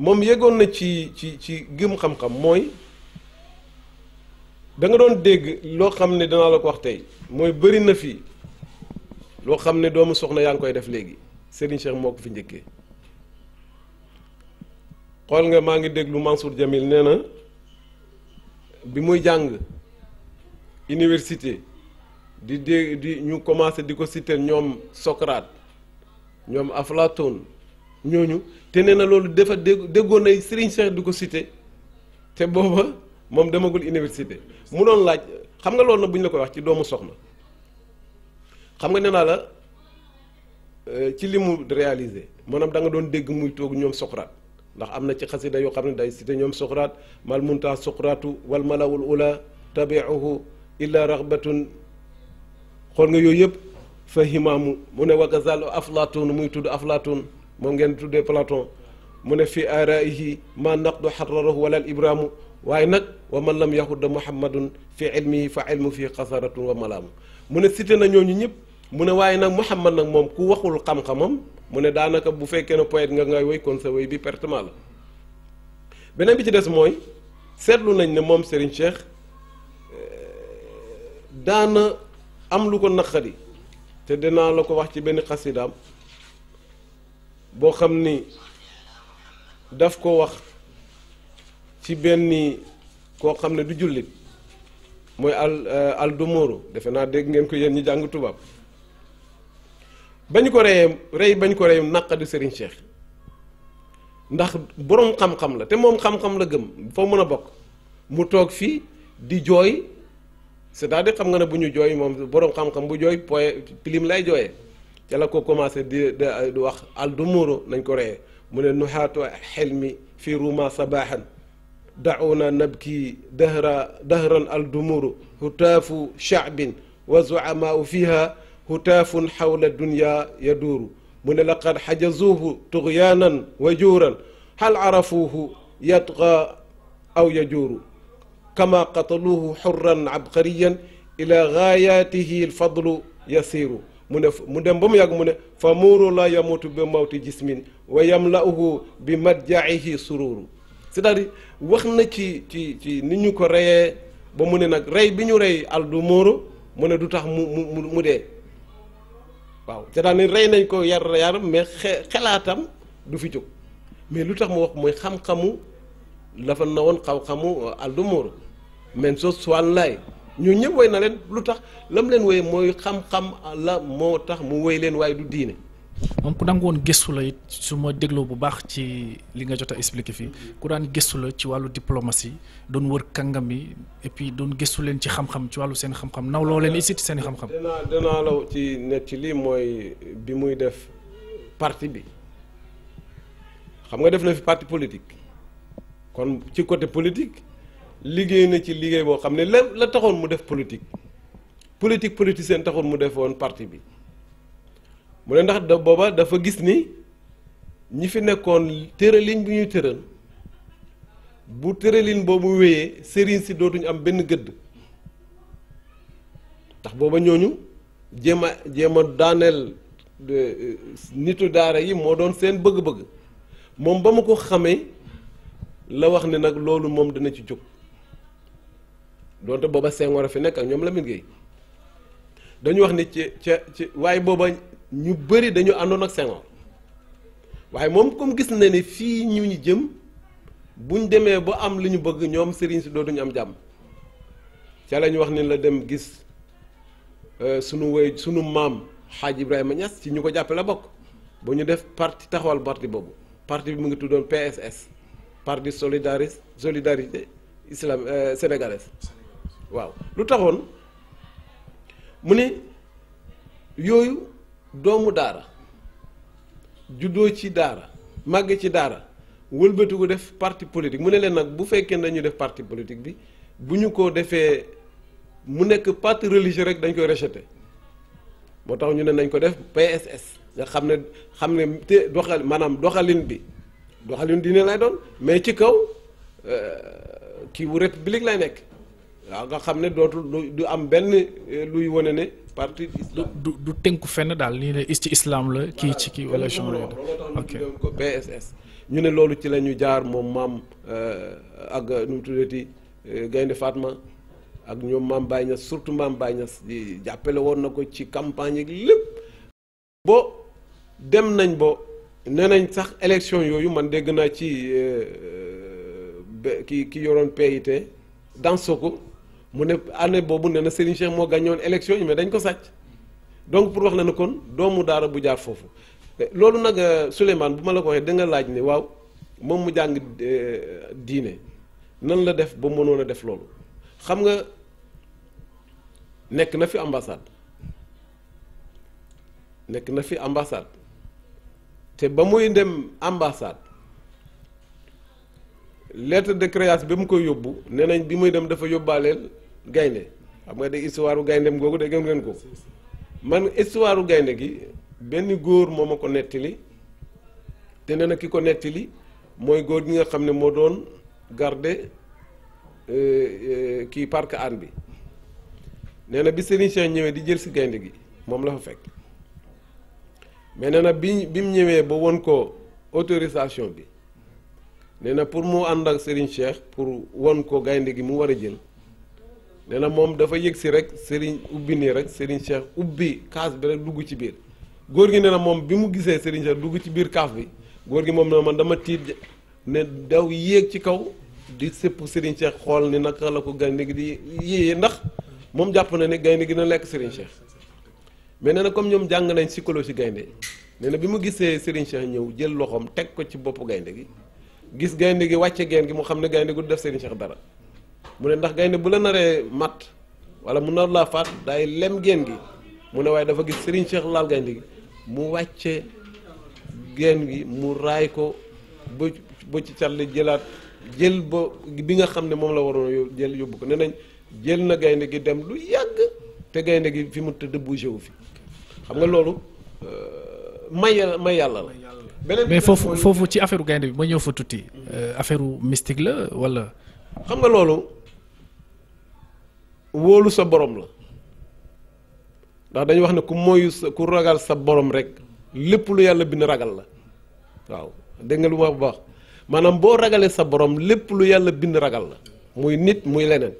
moom yeggoon na ci ci ci gëm xam-xam mooy da nga doon dégg loo xam ne danaa la ko wax tey mooy bëri na fii loo xam ne doomu soxna yaa ngi koy def léegi Serigne Cheikh moo ko fi njëkkee xool nga maa ngi déglu Mansour Jamil nee na bi muy jàng université di dégg ñu commencé di ko citer ñoom Socrate ñoom Aflaton ñooñu te nee na loolu dafa dégg déggoon nay Serigne Cheikh di ko citer te booba. moom demagul université mu doon laaj xam nga lool na bu ñu la koy wax ci doomu soxna xam nga ne naa la euh, ci li mu réalisé maanaam da nga doon dégg muy toog ñoom Socrate ndax am na ci xasida yoo xam ne day cité ñoom Socrate mal munta Socratu wal malawul ula tabiuhu illa raxbatun xool nga yooyu yëpp fa himaamu mu ne wakazal aflatun muy tudd aflatun moom ngeen tuddee Platon mu ne fi araihi ma naqdu xararahu wala al ibramu waaye nag wa man lam yaxudd muhammadun fi ilmihi fa ilmu fi xasaratu wa mu ne cité na ñooñu ñëpp mu ne waaye nag muhammad nag moom ku waxul xam-xamam mu ne daanaka bu fekkee ne poète nga ngay woy kon sa woy bi pertement la beneen bi ci des mooy seetlu nañ ne moom Serigne Cheikh euh, daana am lu ko naqari te dinaa la ko wax ci benn xasidaam boo xam ni daf ko wax ci benn koo xam ne du jullit mooy al euh, al du domoro defe naa dégg ngeen ko yéen ñi jàng tubaab bañ ko reyee rey bañ ko reyee naqadi Serigne Cheikh ndax boroom xam-xam la te moom xam-xam la gëm foo mën a bokk mu toog fii di jooy c'est-à-dire xam nga ne bu ñu jooy moom boroom xam-xam bu jooy poye pilim lay jooyee ca la ko commencé di di wax al du domoro nañ ko reyee mu ne nuxaatu xel mi fii sa sabaaxan dauna nabki dahra dahran aldumuru hutaafu shaabin wa zuamaau fiha hutaafun xawla dunya yaduuru mu ne laqad xajazuuhu tugyaanan wa juuran hal arafuuhu yatqa aw yajuuru kama qataluuhu xurran abqariyan ila gaayaatihi lfadlu yasiiru mu ne mu dem ba mu yàgg mu ne fa muuru la yamuutu bi mawti jismin wa yamlauhu bi madjaihi suruuru c'est-à-dire wax na ci ci ci ni ñu ko reyee ba mu ne nag rey bi ñu rey Aldo Moro mu ne du tax mu mu mu dee waaw c'est-à-dire rey nañ ko yar yaram mais xelaatam du fi jóg mais lu tax mu wax mooy xam-xamu dafa na woon xaw-xamu euh, Aldo Moro men soo suwaan laay ñoo ñëpp woy na leen lu tax lam leen woye mooy xam-xam la moo tax mu woy leen waaye du diine moom ku daan woon gëstu la it su ma dégloo bu baax ci li nga jot a expliqué fii ku daan gëstu la ci wàllu diplomatie doon wër kàngam yi et puis doon gëstu leen ci xam-xam ci wàllu seen xam-xam naw loo leen isit seen xam-xam. danaa danaa la ci net ci lii mooy bi muy def parti bi xam nga def na fi parti politique kon ci côté politique liggéey na ci liggéey boo xam ne la la taxoon mu def politique politique politicien taxoon mu def woon parti bi. mu ne ndax da booba dafa gis ni ñi fi nekkoon tëralin bu ñuy tëral bu tëralin boobu wéyee sëriñ si dootuñu am benn gëdd ndax booba ñooñu jéem a jéem a daaneel euh, nitu daara yi moo doon seen bëgg-bëgg moom ba mu ko xamee la wax ne nag loolu moom dina ci jóg doonte booba Senghor a fi nekk ak ñoom Lamine Gueye dañu wax ni ci ca ci waaye booba ñu bëri dañu àndoon ak Senghor waaye moom comme gis na ni fii ñu ñu jëm buñ demee ba am li ñu bëgg ñoom sëriñ si dootuñu am jàmm ca la ñu wax ne la dem gis euh, sunu woy sunu maam Hadj Ibrahima ñas ci ñu ko jàppe la bokk bu ñu def parti taxawal parti boobu parti bi mu ngi tuddoon PSS parti solidarité solidarité islam euh, sénégalaise waaw lu taxoon mu ne yooyu. doomu daara juddoo ci daara màgg ci daara wëlbatiku def parti politique mu ne leen nag bu fekkee ne dañuy def parti politique bi bu ñu ko defee mu nekk parti religieux rek dañ koy rejeté moo tax ñu ne nañ ko def PSS nga xam ne xam ne te doxal maanaam doxalin bi doxalin diine lay doon mais ci kaw euh, kii wu république lay nekk waaw nga xam ne dootul du am benn euh, luy wane ne parti islam du du tënku fenn daal lii ne ci islaam la kii ci kii wala changement ok ko ñu ne loolu ci la ñu jaar moom maam euh, ak nu mu euh, Gaynde Fatma ak ñoom maam Baye Niass surtout maam Baye Niass jàppale woon na ko ci campagne ak lépp bo dem nañ bo nee nañ sax élection yooyu man dégg naa ci euh, ki ki yoroon PIT dans Soko mu ne année boobu ne na Serigne Cheikh moo gàññoon élection yi mais dañ ko sàcc donc pour wax na ne kon doomu daara bu jaar foofu loolu nag euh, Souleymane bu ma la ko waxee da nga laaj ne waaw moom mu jàng euh, diine nan la def ba mënoon a def loolu xam nga nekk na fi ambassade nekk na fi ambassade te ba muy dem ambassade lettre de créance bi mu koy yóbbu nee nañ bi muy dem dafa yóbbaaleel gaynde xam nga de histoire u gayndeem googu de gëm ngeen ko man histoire u gaynde gi benn góor moom ma ko nettali te nee na ki ko nettali mooy góor gi nga xam ne moo doon garde euh, kii parc an bi nee na bi Serigne Cheikh ñëwee di jël si gaynde gi moom la fa fekk mais nee na bi bi mu ñëwee ba woon ko autorisation bi nee na pour mu ànd ak Serigne Cheikh pour won ko gaynde gi mu war a jël nee na moom dafa yëg si rek Serigne ubbi nii rek Serigne Cheikh ubbi kaas bi rek dugg ci biir góor gi nee na moom bi mu gisee Serigne Cheikh dugg ci biir kaaf bi góor gi moom na man dama tiit ne daw yéeg ci kaw di sëpp Serigne xool ni naka la ko gaynde gi di yéeye ndax moom jàpp na ne gaynde gi na lekk Serigne Cheikh mais na comme ñoom jàng nañ psychologie gaynde nee na bi mu gisee Serigne ñëw jël loxoom teg ko ci boppu gaynde gi gis gaynde gi wàcce geen gi mu xam ne gaynde gu def seen Cheikh dara mu ne ndax gaynde bu la naree mat wala mu nar laa faat day lem geen gi mu ne waaye dafa gis Serigne Cheikh laal gaynde gi mu wàcce geen gi mu raay ko ba ba ci calle jëlaat jël ba bi nga xam ne moom la waroon jël yóbbu ko ne nañ jël na gaynde gi dem lu yàgg te gaynde gi fi mu tëdd bougé wu fi xam nga loolu euh, may may yàlla la mais foofu foofu ci affaire gaynde bi ma ñëw fa tuuti euh, affaire mystique la wala. xam nga loolu wóolu sa boroom la ndax dañuy wax ne ku moyu sa ku ragal sa borom rek lépp lu yàlla bind ragal la waaw nga lu ma bu baax maanaam boo ragalee sa borom lépp lu yàlla bind ragal muy nit muy leneen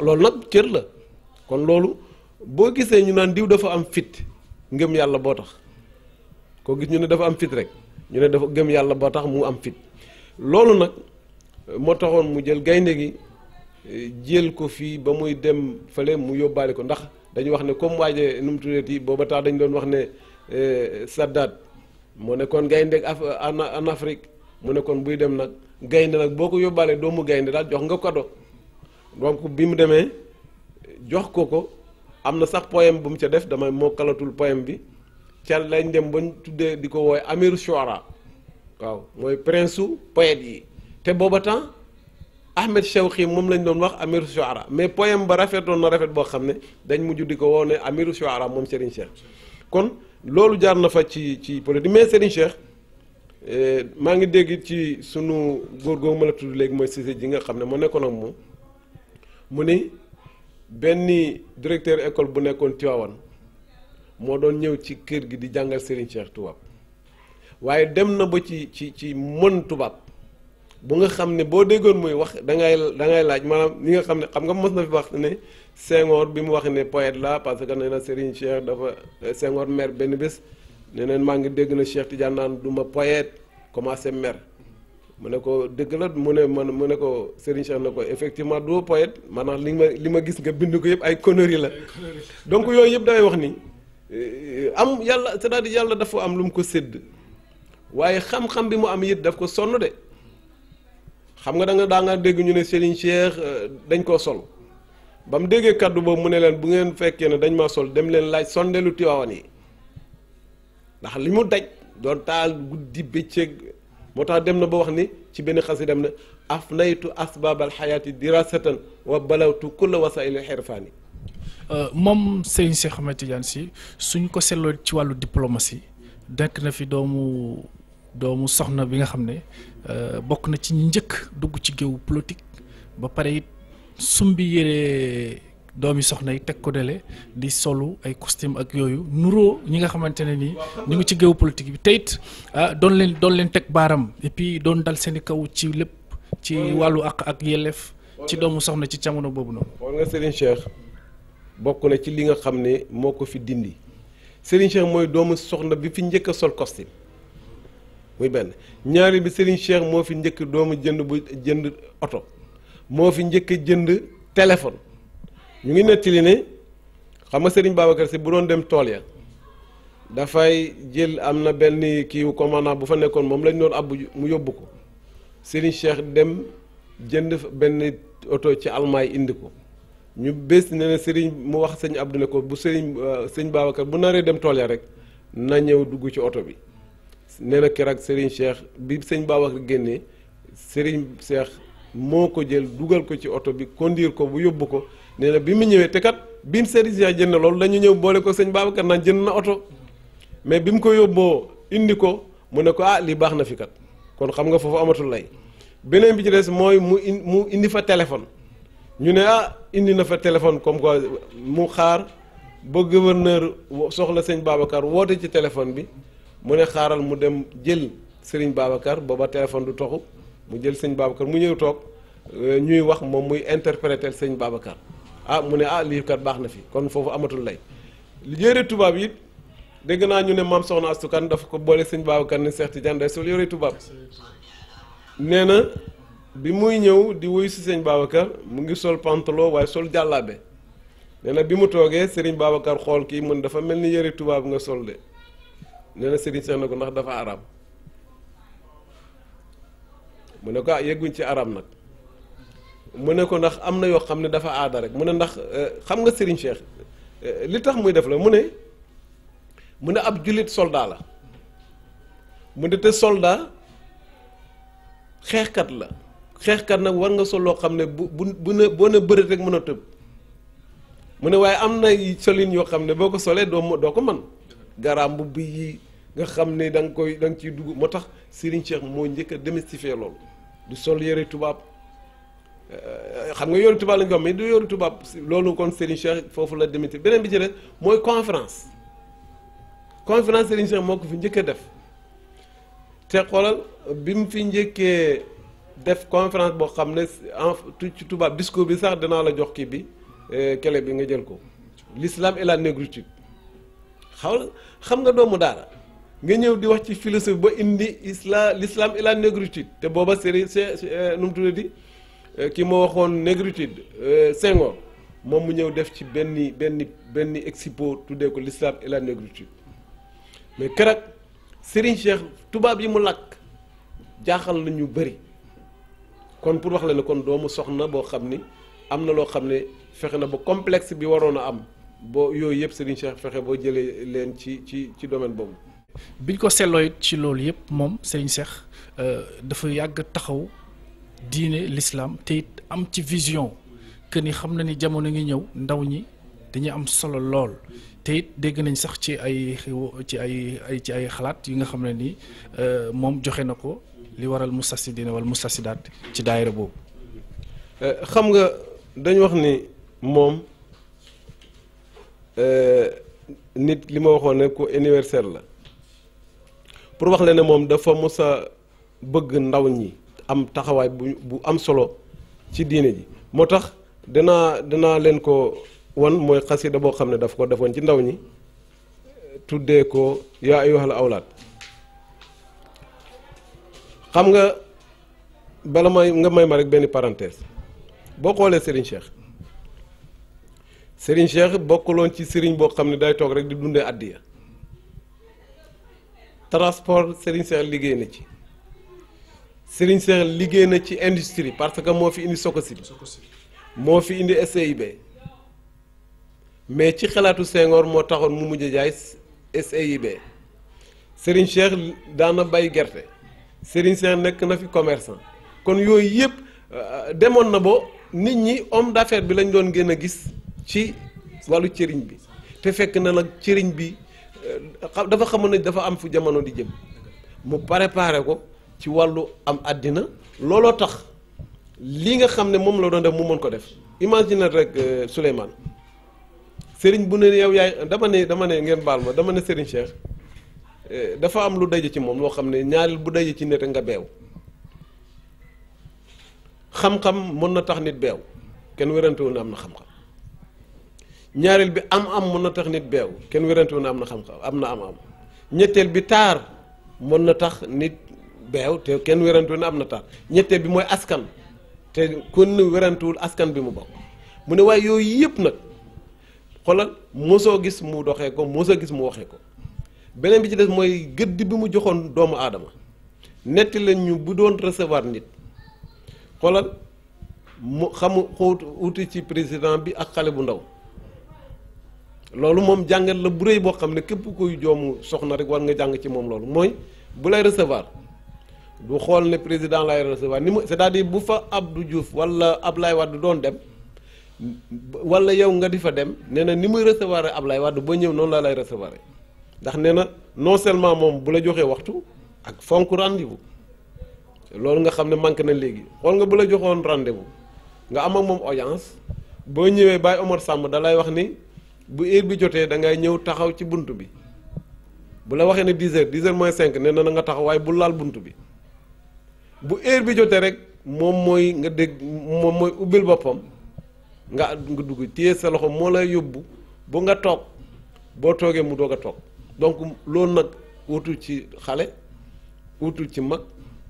loolu nag cër la kon loolu boo gisee ñu naan diw dafa am fit ngëm yàlla boo tax koo gis ñu ne dafa am fit rek ñu ne dafa gëm yàlla ba tax mu am fit loolu nag moo taxoon mu jël gaynde gi jël ko fii ba muy dem fale mu yóbbaale ko ndax dañu wax ne comme waaje nu mu tuddati booba taa dañu doon wax ne eh, Sadat moo nekkoon gaynde en Afrique mu nekkoon buy dem nag gaynde nag boo ko yóbbaalee doomu gaynde daal jox nga kado donc bi mu demee jox ko ko am na sax poème bu mu ca def damay mokkalatul poème bi ca lañ dem bañ tuddee di ko wooy amir shuara waaw mooy prince su poète yi te booba temps Ahmed Shawqi moom lañ doon wax amir shuara mais poème ba rafetoon na rafet boo xam ne dañ mujj di ko woone amiru amir moom Serigne Cheikh kon loolu jaar na fa ci ci politique mais Serigne Cheikh eh, maa ngi dégg ci sunu góor googu ma la tudd léegi mooy Cissé ji nga xam ne mu nekkoon ak moom mu ni benn directeur école bu nekkoon Tivaouane moo doon ñëw ci kër gi di jàngal Serigne Cheikh tubaab waaye dem na ba ci ci ci mën tubaab bu nga xam ne boo déggoon muy wax da ngay da ngay laaj maanaam li nga xam ne xam nga mos na fi wax ne Senghor bi mu wax ne poète la parce que nee na Serigne Cheikh dafa Senghor mer benn bés ne neen maa ngi dégg na Cheikh Tidiane naan du ma poète commencé mu ne ko dëgg la mu ne man mu ne ko Serigne Cheikh ne ko effectivement du poète maanaam li ma li ma gis nga bind ko yëpp ay conneries la donc yooyu yëpp dangay wax ni. Eh, am yàlla c'est-à-dire yàlla dafa am lu mu ko sedd waaye xam-xam bi mu am it daf ko sonn de xam nga danga nga daa nga dégg ñu ne Serigne Cheikh euh, dañ koo sol ba mu déggee kàddu boobu mu ne leen bu ngeen fekkee ne dañ ma sol dem leen laaj sondelu Tiwaawan yi ndax li mu daj doon taal guddi bëccëg moo tax dem na ba wax ni ci benn xasi dem na afnaytu asbaabal xayaati dirasatan wa balawtu kulla wasaili xirfaani Euh, moom Serigne Cheikh Ahmed Tidiane Sy suñ ko seetloo ci wàllu diplomatie dekk na fi doomu doomu soxna bi nga xam ne euh, bokk na ci njëkk dugg ci géew politique ba pare it sumbi yére doomi soxna yi teg ko dele di solu ay costume ak yooyu nuroo ñi nga xamante ne nii ñu ngi ci géewu politique bi te it ah doon leen doon leen teg baaram et doon dal seen i kaw ci lépp ci wàllu ak ak yelleef ci doomu soxna ci jamono boobu noonu. wala Serigne Cheikh. bokk na ci li nga xam ne moo ko fi dindi Serigne Cheikh mooy doomu soxna bi fi njëkk a sol costume muy benn ñaari bi Serigne Cheikh moo fi njëkk doomu jënd bu jënd oto moo fi njëkk jënd téléphone ñu ngi nettali ne xam nga Serigne Babacar si bu doon dem tool ya dafay jël am na benn kiiwu commandant bu fa nekkoon moom lañ doon abbu mu yóbbu ko sëriñ Cheikh dem jënd benn oto ci almaay indi ko ñu bés ne ne sëriñ mu wax sëñ Abdou ne ko bu sëriñ euh, sëñ Babacar bu naree dem tool ya rek na ñëw dugg ci oto bi nee na keroog sëriñ Cheikh bi sëñ Babacar génne sëriñ Cheikh moo ko jël dugal ko ci oto bi conduire ko bu yóbbu ko nee na bi mu ñëwee te kat biim sëriñ Cheikh jënd loolu dañu ñëw boole ko sëñ Babacar na jënd na oto mais bi mu ko yóbboo indi ko mu ne ko ah lii baax na fi kat kon xam nga foofu amatul lay beneen bi ci des mooy mu in mu indi fa téléphone ñu ah, indi na fa téléphone comme quoi mu xaar ba gouverneur soxla sëñ Babacar woote ci téléphone bi mu ne xaaral mu dem jël sëriñ Babacar booba téléphone du toxu mu jël sëñ Babacar mu ñëw toog euh, ñuy wax moom muy interpréter sëñ Babacar ah mu ne ah lii kat baax na fi kon foofu amatul lay yére tubaab yi dégg naa ñu ne maam soxna Astu Kan dafa ko boole sëñ Babacar ni Seex Tijaan day sol yore tubaab nee na bi muy ñëw di wuyu si sëñ Babacar mu ngi sol pantalon waaye sol jàllaabe nee na bi mu toogee sëriñ Babacar xool kii mun dafa mel ni yëre tubaab nga sol de nee na sëriñ Seex na ko ndax dafa arab mu ne ko ah ci arab nag mu ne ko ndax am na yoo xam ne dafa aada rek mu ne ndax eh, xam nga sëriñ Cheikh eh, li tax muy def la mu ne mu ne ab jullit soldat la mu ne te soldat xeexkat la xeexkat nag war nga sol loo xam ne bu bu bu ne boo ne bëri rek mën a tëb mu ne waaye am na solin yoo xam ne boo ko solee doo doo ko man garaam mbubb yi nga xam ne danga koy danga nga ciy dugg moo tax Serigne Cheikh moo njëkk a démystifier loolu du sol yëre tubaab euh, xam nga yore tubaab lañ mais du yore tubaab loolu kon Serigne foofu la demiti beneen bi ci mooy conférence conférence Serigne Cheikh moo ko fi njëkk a def te xoolal bi mu fi njëkkee def conférence boo xam ne en ci tubaab discours bi sax danaa la jox kii bi kele euh, bi nga jël ko l'islam et la négritude xam nga doomu daara nga ñëw di wax ci philosophie ba indi isla l'islam et la négritude te booba séri euh, nu mu tuddee euh, di ki ma waxoon négritude Senghor moom mu ñëw def ci benn benn benn expo tuddee ko l'islam et la négritude mais keroog Serigne Cheikh tubaab yi mu lakk jaaxal na ñu bëri kon pour wax la ne kon doomu soxna boo xam ni am na loo xam ne fexe na ba complexe bi waroon a am boo yooyu yëpp Serigne Cheikh fexe boo jëlee leen ci ci ci domaine boobu. biñ ko seetloo it ci loolu yëpp moom Serigne Cheikh euh, dafa yàgg taxaw diine lislaam te it am ci vision que ni xam na ni jamono ngi ñëw ndaw ñi dañuy am solo lool. te it dégg nañ sax ci ay ci ay ay ci ay xalaat yi nga xam ne ni euh, moom joxe na ko li waral mustasidina wal mustasidaat ci daayira boobu xam nga dañu wax ni moom euh, nit li ma waxoon ne ku universel la pour wax leen ne moom dafa mës a bëgg ndaw ñi am taxawaay bu bu am solo ci diine ji moo tax dana danaa leen ko wan mooy xasida boo xam ne daf ko defoon ci ndaw ñi tuddee ko yaa ayyuhal awlaat xam nga bala may nga may ma rek benn parenthèse boo xoolee Serigne Cheikh Serigne Cheikh bokkuloon ci Serigne boo xam ne day toog rek di dundee àddiya transport Serigne Cheikh liggéey na ci Serigne Cheikh liggéey na ci industrie parce que moo fi indi Sococim moo fi indi SIB mais ci xalaatu sengoor moo taxoon mu mujj jaay SIB sëriñ Cheikh daana bay gerte. Serigne Cheikh nekk na fi commerçant kon yooyu yëpp euh, demoon na ba nit ñi homme d'affaires bi lañ doon gën a gis ci wàllu cëriñ bi te fekk na nag cëriñ bi euh, dafa xamoon ne dafa am fu jamono di jëm mu préparé ko ci wàllu am àddina looloo tax li nga xam ne moom la doon def mu mën ko def imagine rek euh, Souleymane Serigne bu neen yow yaay dama ne dama ne ngeen baal ma dama ne Serigne Cheikh. Eh, dafa am lu daje ci moom loo xam ne ñaareel bu daje ci nit nga beew xam-xam mën na tax nit beew kenn werantewul am na xam-xam ñaareel bi am-am mën na tax nit beew kenn werantewul ne am na xam am na am-am ñetteel bi taar mën na tax nit beew te kenn werantewul ne am na taar ñetteel bi mooy askan te kon werantewul askan bi mu ba mu ne waaye yooyu yëpp nag xoolal mosoo gis mu doxee ko mosoo gis mu waxee ko. beneen bi ci des mooy gëdd bi mu joxoon doomu aadama netti lañ ñu bu doon recevoir nit xoolal mu xamu xóot wuti ci président bi ak xale bu ndaw loolu moom jàngat la bu rëy boo xam ne képp koy joomu soxna rek war nga jàng ci moom loolu mooy bu lay recevoir du xool ne président lay recevoir ni mu cest à bu fa Abdou Diouf ab Ablaye wadd doon dem wala yow nga di fa dem nee na ni muy ab lay Wade ba ñëw noonu la lay recevoir. ndax nee na non seulement moom bu la joxee waxtu ak fonk rendez-vous loolu nga xam ne manqué na léegi xool nga bu la joxoon rendez-vous nga am moom audience boo ñëwee Baye Omar Samb da lay wax ni bu heure bi jotee da ngay ñëw taxaw ci bunt bi bu la waxee ne 10 heures 10 heures moins nee na na nga taxaw waaye bu laal bunt bi bu heure bi jotee rek moom mooy nga dégg moom mooy ubbil boppam nga nga dugg téye sa loxo moo lay yóbbu bu nga toog boo toogee mu doog a toog. donc loolu nag wutul ci xale wutul ci mag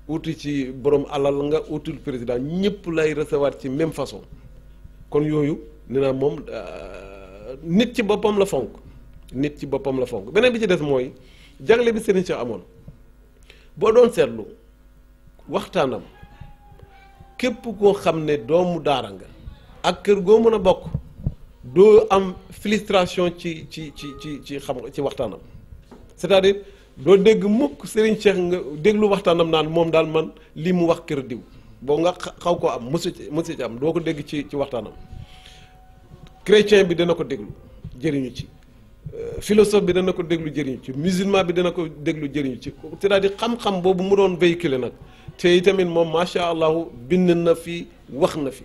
utul ci borom alal nga utul président ñëpp lay recevoir ci même façon kon yooyu nee naa moom euh, nit ci boppam la fonk nit ci boppam la fonk beneen bi ci des mooy jagle bi Serigne si amoon boo doon seetlu waxtaanam képp koo xam ne doomu daara nga ak kër goo mën a bokk doo am frustration ci ci ci ci ci xam ci waxtaanam c'est-à-dire doo dégg mukk Serigne Cheikh nga déglu waxtaanam naan moom daal man lii mu wax kër diw boobu nga xaw ko am mosu ci mosu ci am doo ko dégg ci ci waxtaanam chrétien bi dana ko déglu jëriñu ci euh, philosophe bi dana ko déglu jëriñu ci musulman bi dana ko déglu jëriñu ci c'est-à-dire xam-xam boobu mu doon kile nag te tamit moom macha allahu bind na fi wax na fi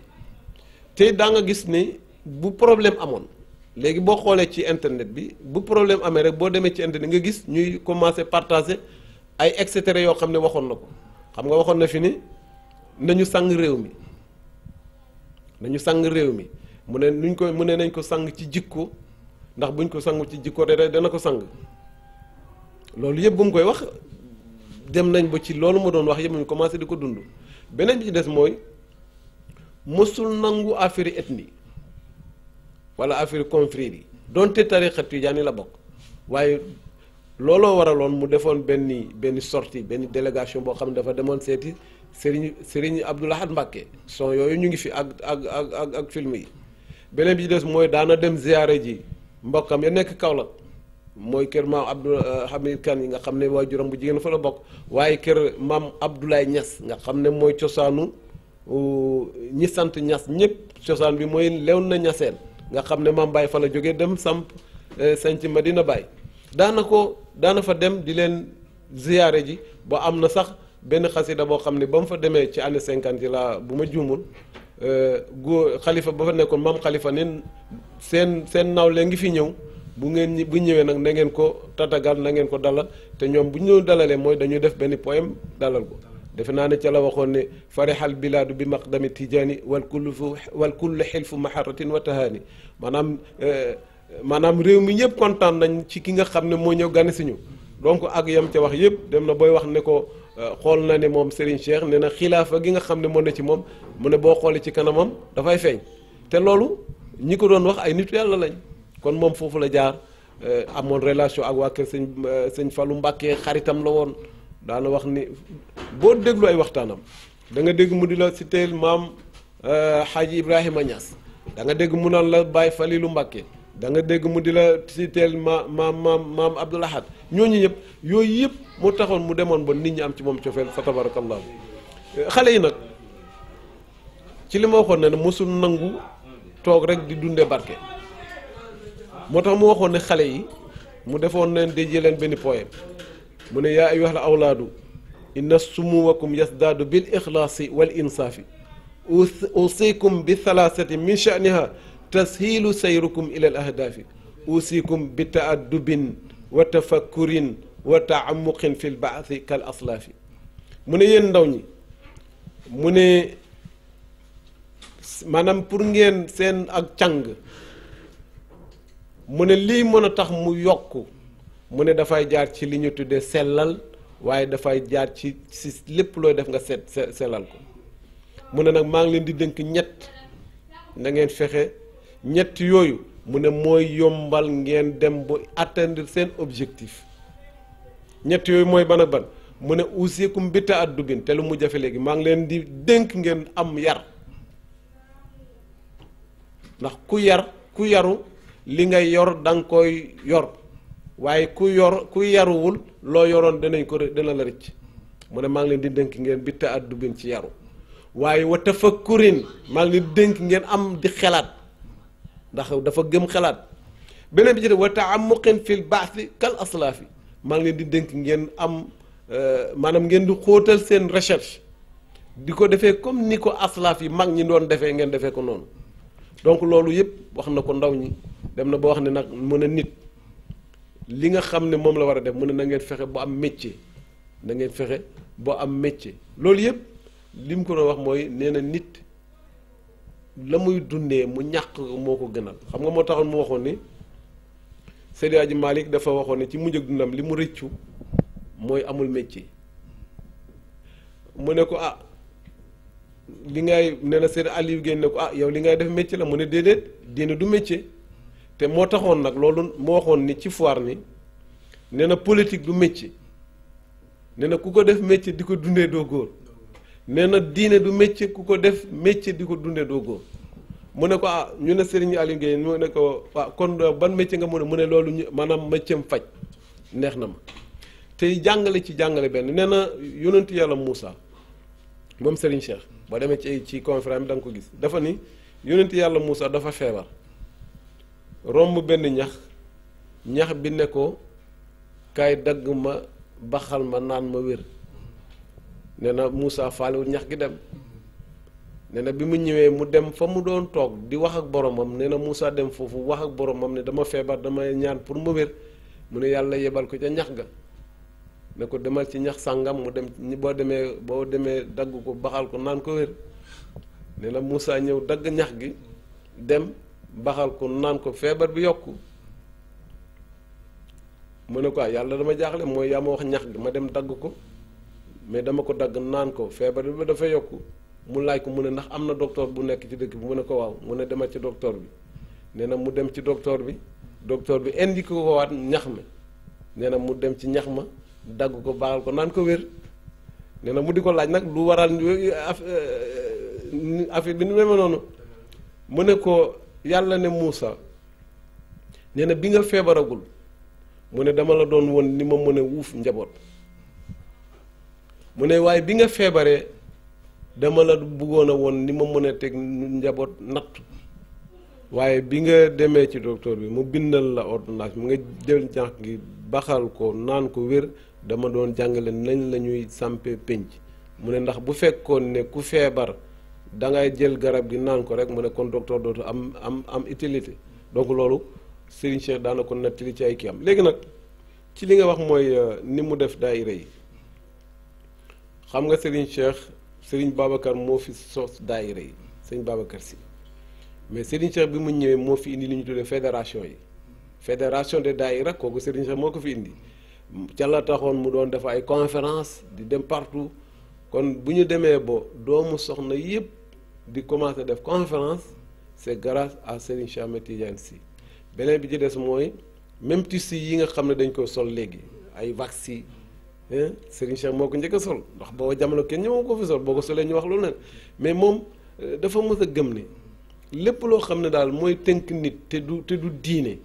te daa nga gis ni bu problème amoon léegi boo xoolee ci internet bi bu problème amee rek boo demee ci internet nga gis ñuy commencé partager ay et yoo xam ne waxoon na ko xam nga waxoon na fi ni nañu sang réew mi nañu sang réew mi mu ne nuñ ko mu nañ ko sang ci jikko ndax buñ ko sangu ci jikko de dana ko sang loolu yëpp bu mu koy wax dem nañ ba ci loolu ma doon wax yëpp ñu commencé di ko dund beneen bi ci des mooy mosul nangu affaire ethnie wala affaire confrérie yi donte tariqa tijaani la bokk waaye looloo waraloon mu defoon benni benn sortie benn délégation boo xam ne dafa demoon seeti Serigne Serigne Abdoul Ahad Mbacké son yooyu ñu ngi fi ak ak ak ak ak film yi beneen bi des mooy daana dem ziyaare ji mbokkam ya nekk Kaolack mooy kër maam Abdou euh, Hamid Kane yi nga xam ne waajuram bu jigéen fa la bokk waaye kër maam Abdoulaye ñas nga xam ne mooy cosaanu euh, ñi sant ñas ñëpp cosaan bi mooy lew na ñaseen nga xam ne maam Baye fa la jógee dem samp eh, sanc Madina Baye daana ko daana fa dem di leen ziyaare ji ba am na sax benn xasida boo xam ne ba mu fa demee ci année cinquante yi la bu ma juumul eh, góor xalifa ba fa nekkoon maam xalifa nen seen seen naw nawle ngi fi ñëw bu ngeen bu ñëwee nag na ngeen ko tatagal na ngeen ko dalal te ñoom bu ñu dalalee mooy dañuy def benn poem dalal ko defe naa ne ca la waxoon ne farihal bilaadu bi max maqdami tijaani wal kullu fu wal kullu xilfu maharatin wa tahaani maanaam eh, maanaam réew mi ñëpp kontaan nañ ci ki nga xam ne moo ñëw gane si donc ak yam ca wax yëpp dem na booy wax ne ko eh, xool na ne moom Serigne Cheikh ne na xilaafa gi nga xam ne moom ne ci moom mu ne boo xoolee ci kanamam dafay feeñ te loolu ñi ko doon wax ay nit yàlla lañ kon moom foofu la jaar eh, amoon relation ak waa kër sëñ sëñ Fallou Mbacke xaritam la woon daana wax ni boo déglu ay waxtaanam da nga dégg mu di la si citeel maam xaaji euh, Ibrahima Niass da danga dégg mu naan la Baye Falilou Mbacké da nga dégg mu di la citeel ma maam maam maam Abdoul Ahad ñooñu ñëpp yooyu yëpp moo taxoon mu demoon ba nit ñi am ci moom cofeel fa tabarakallahu xale yi nag ci li ma waxoon ne ne mosul nangu toog rek di dundee barke moo tax mu waxoon ne xale yi mu defoon leen di jëleen benn poème mu ne yaa ayyuhal awlaadu inna sumuwakum yasdaadu bil ixlaasi wal insaafi usiikum bi thalaasati min sha'niha tashiilu sayrukum ila ahdaafi usiikum bi taaddubin wa tafakkurin wa taamuqin fi l baasi kal mu ne yéen ndaw ñi mu ne maanaam pour ngeen seen ak càng mu ne lii mën a tax mu yokk mu ne dafay jaar ci li ñu tuddee sellal waaye dafay jaar ci si lépp looy def nga set sellal ko mu ne nag maa ngi leen di dënk ñett nangeen fexe ñett yooyu mu ne mooy yombal ngeen dem ba atteindre seen objectif ñett yooyu mooy ban ak ban mu ne usikum bi ta addubin te lu mu jafe léegi maa ngi leen di dénk ngeen am yar ndax ku yar ku yaru li nga yor da koy yor waaye ku yor ku yaruwul loo yoroon danañ ko dana la rëcc mu ne maa ngi leen di dénk ngeen bi ta addubin ci yaru waaye wa tafakkurin maa ngi leen di dénk ngeen am di ndax dafa gëm xelaat beneen bi ci def wa taamuqin fil baasi kal aslaafi maa ngi leen di dénk ngeen am euh, maanaam ngeen di xootal seen recherche di ko defee comme ni ko aslaaf yi mag ñi doon defee ngeen defee ko noonu donc loolu yëpp wax na ko ndaw ñi dem na ba wax ne nag mën a nit li nga xam ne moom la war a def mu ne na ngeen fexe ba am métier na fexe ba am métier loolu yëpp li mu ko doon wax mooy nee na nit la muy dundee mu ñàkk moo ko gënal xam nga moo taxoon mu waxoon ni Seydi Hadji Malick dafa waxoon ne ci mujj ak dundam li mu rëccu mooy amul métier mu ne ko ah li ngay nee na Seydi Aliou génn ne ko ah yow li ngay def métier la mu ne déedéet diine du métier. te moo taxoon nag loolu moo waxoon ni ci foir ni nee na politique du métier nee ku ko def métier di ko dundee doo góor nee na diine du métier ku ko def métier di ko dundee doo góor mu ne ko ah ñu ne Serigne Aliou Gueye mu ne ko ah kon ban métier nga mu a mu ne loolu ñu maanaam métier faj neex na ma te jàngale ci jàngale benn nee na yonent yàlla Moussa moom seriñ Cheikh boo demee ci ci conférence danga ko gis dafa ni yonent yàlla Moussa dafa feebar. romb benn ñax ñax bi ne ko kaay dagg ma baxal ma naan ma wér nee na Moussa faalewul ñax gi dem ne na bi mu ñëwee mu dem fa mu doon toog di wax ak boromam nee na Moussa dem foofu wax ak boromam ne dama feebar damay ñaan pour ma wér mu ne yàlla yebal ko ca ñax ga ne ko demal ci ñax sàngam mu dem boo demee boo demee dagg ko baxal ko naan ko wér nee na musaa ñëw dagg ñax gi dem baxal ko naan ko feebar bi yokk mu ne ko ah, yàlla dama jaaxle mooy yaa ma wax ñax gi ma dem dagg ko mais dama ko dagg naan ko feebar bi dafa yokk mu laaj ko mu ne ndax am na docteur bu nekk ci dëkk bi mu ne ko waaw mu ne demal ci docteur bi nee na mu dem ci docteur bi docteur bi indi ko waat ñax mi nee na mu dem ci ñax ma dagg ko baaxal ko naan ko wér nee na mu di ko laaj nag lu waral euh, euh, affaire bi ni mel noonu mu ne ko yàlla ne Moussa nee na bi nga feebaragul mu ne dama la doon won ni ma mën a wuuf njaboot mu ne waaye bi nga feebaree dama la bëggoon a woon ni ma mën a teg njaboot natt waaye bi nga demee ci docteur bi mu bindal la ordonnance mu nga jël ñax ngi baxal ko naan ko wér dama doon jàngale nañ la ñuy sàmpe pénc mu ne ndax bu fekkoon ne ku feebar da ngay jël garab gi naan ko rek mu ne kon docteur dootu am am am utilité donc loolu Serigne Cheikh daana ko nettali ci ay kii am léegi nag ci li nga wax mooy euh, ni mu def daayira yi xam nga Serigne Cheikh Serigne Babacar moo fi sos daayira yi Serigne Babacar si mais Serigne Cheikh bi mu ñëwee moo fi indi li ñu tuddee fédération yi fédération de daayira kooku Serigne Cheikh moo ko fi indi ca la taxoon mu doon def ay conférence di dem partout kon bu ñu demee ba doomu soxna yépp di commencé def conférence c' est grâce à Serigne Cheikh si beneen bi ci des mooy même tissu yi nga xam ne dañ ko sol léegi ay vax yi Serigne Cheikh moo ko njëkk a sol ndax booba jamono kenn ñëwoon ko fi sol boo ko solee ñu wax loolu nag mais moom euh, dafa mës a gëm ne lépp loo xam ne daal mooy tënk nit te du te du diine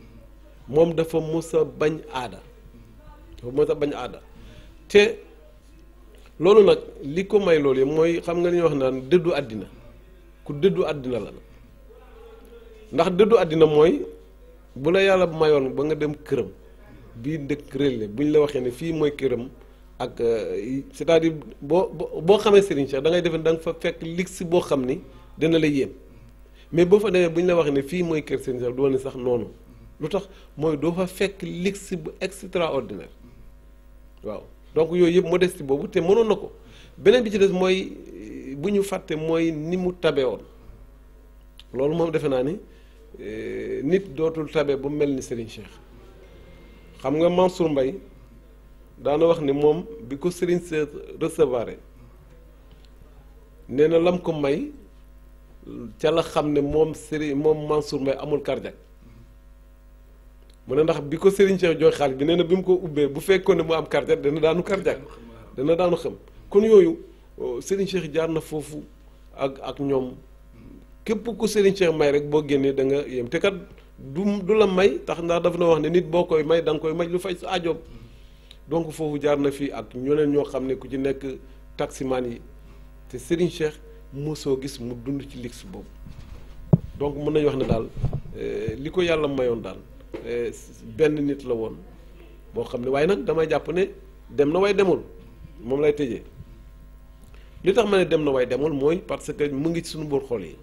moom dafa mës a bañ aada dafa mës a bañ aada te loolu nag li ko may loolu yëpp mooy xam nga li ñuy wax naan dëddu àddina ku dëddu àddina la ndax dëddu àddina mooy bu la yàlla mayoon ba nga dem këram bii dëkk réel bu ñu la waxee ne fii mooy këram ak euh, c'est-à-dire boo boo xamee Serigne Cheikh da ngay defe da nga fa fekk ligsi boo xam ni dina la yéem mais boo fa demee bu ñu la waxee ne fii mooy kër Serigne doo sax noonu lu tax mooy doo fa fekk ligsi bu extraordinaire waaw donc yooyu yëpp modestie boobu te mënoon na ko beneen bi ci des mooy bu ñu fàttee mooy ni mu tabe woon loolu moom defe naa ni e, nit dootul tabe bu mel ni Serigne Cheikh xam nga Mansour mbay daana wax ni moom bi ko Serigne Cheikh recevoir nee na lam ko may ca la xam ne moom Serigne moom Mansour Mbaye amul cardiaque mu ne ndax bi ko Serigne Cheikh jox xaalis bi nee na bi mu ko ubbee bu fekkoon ne mu am cardiaque dana daanu cardiaque dana daanu xam kon yooyu. Euh, Serigne Cheikh jaar na foofu ak ak ñoom képp ku Serigne Cheikh may rek boo génnee da nga yem te kat du du la may tax ndax daf na wax ne nit boo koy may danga koy may lu faj sa ajob donc foofu jaar na fii ak ñeneen ñoo xam ne ku ci nekk taximaan yi te Serigne Cheikh soo gis mu dund ci liggéey boobu donc mën nañ wax ne daal euh, li ko yàlla mayoon daal euh, benn nit la woon boo xam ne waaye nag damay jàpp ne dem na waaye demul moom lay tëjee. li tax ma ne dem na waaye demul mooy parce que mu ngi suñu buur xol yi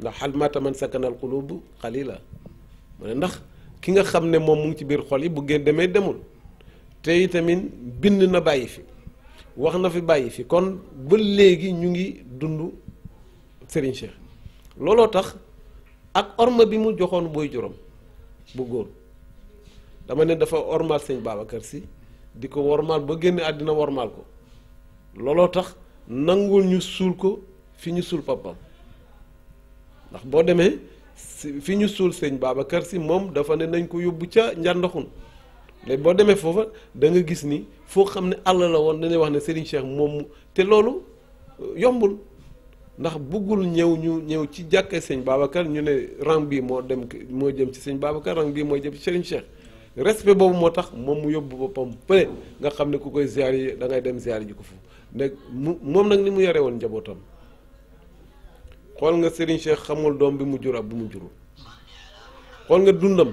ndax xal maata man sakanal xulub xalila mu ne ndax ki nga xam ne moom mu ngi ci biir xol yi bu ngeen demee demul te itamit bind na bàyyi fi wax na fi bàyyi fi kon ba léegi ñu ngi dund sëriñ Cheikh looloo tax ak orma bi mu joxoon booy juróom bu góor dama ne dafa ormaal sëñ Babacar si di ko wormaal ba génn àddina wormaal ko looloo tax nangul ñu suul ko fi ñu suul papam ndax boo demee fi ñu suul sëñ Babacar si moom dafa ne nañ ko yóbbu ca njàndaxun léegi boo demee foofa da gis ni foo xam ne àll la woon dañuy wax ne Serigne Cheikh moom te loolu euh, yombul ndax buggul ñëw ñu ñëw ci jàkkee sëñ Babacar ñu ne rang bii moo dem moo jëm ci sëñ Babacar rang bii mooy jëm ci Serigne Cheikh respect boobu moo tax moom mu yóbbu boppam pële nga xam ne ku koy ziar yi da ngay dem ziar ji ko foofu nag mu moom nag ni mu yore woon njabootam xool nga Serigne Cheikh xamul doom bi mu jur ak bu mu jurul xool nga dundam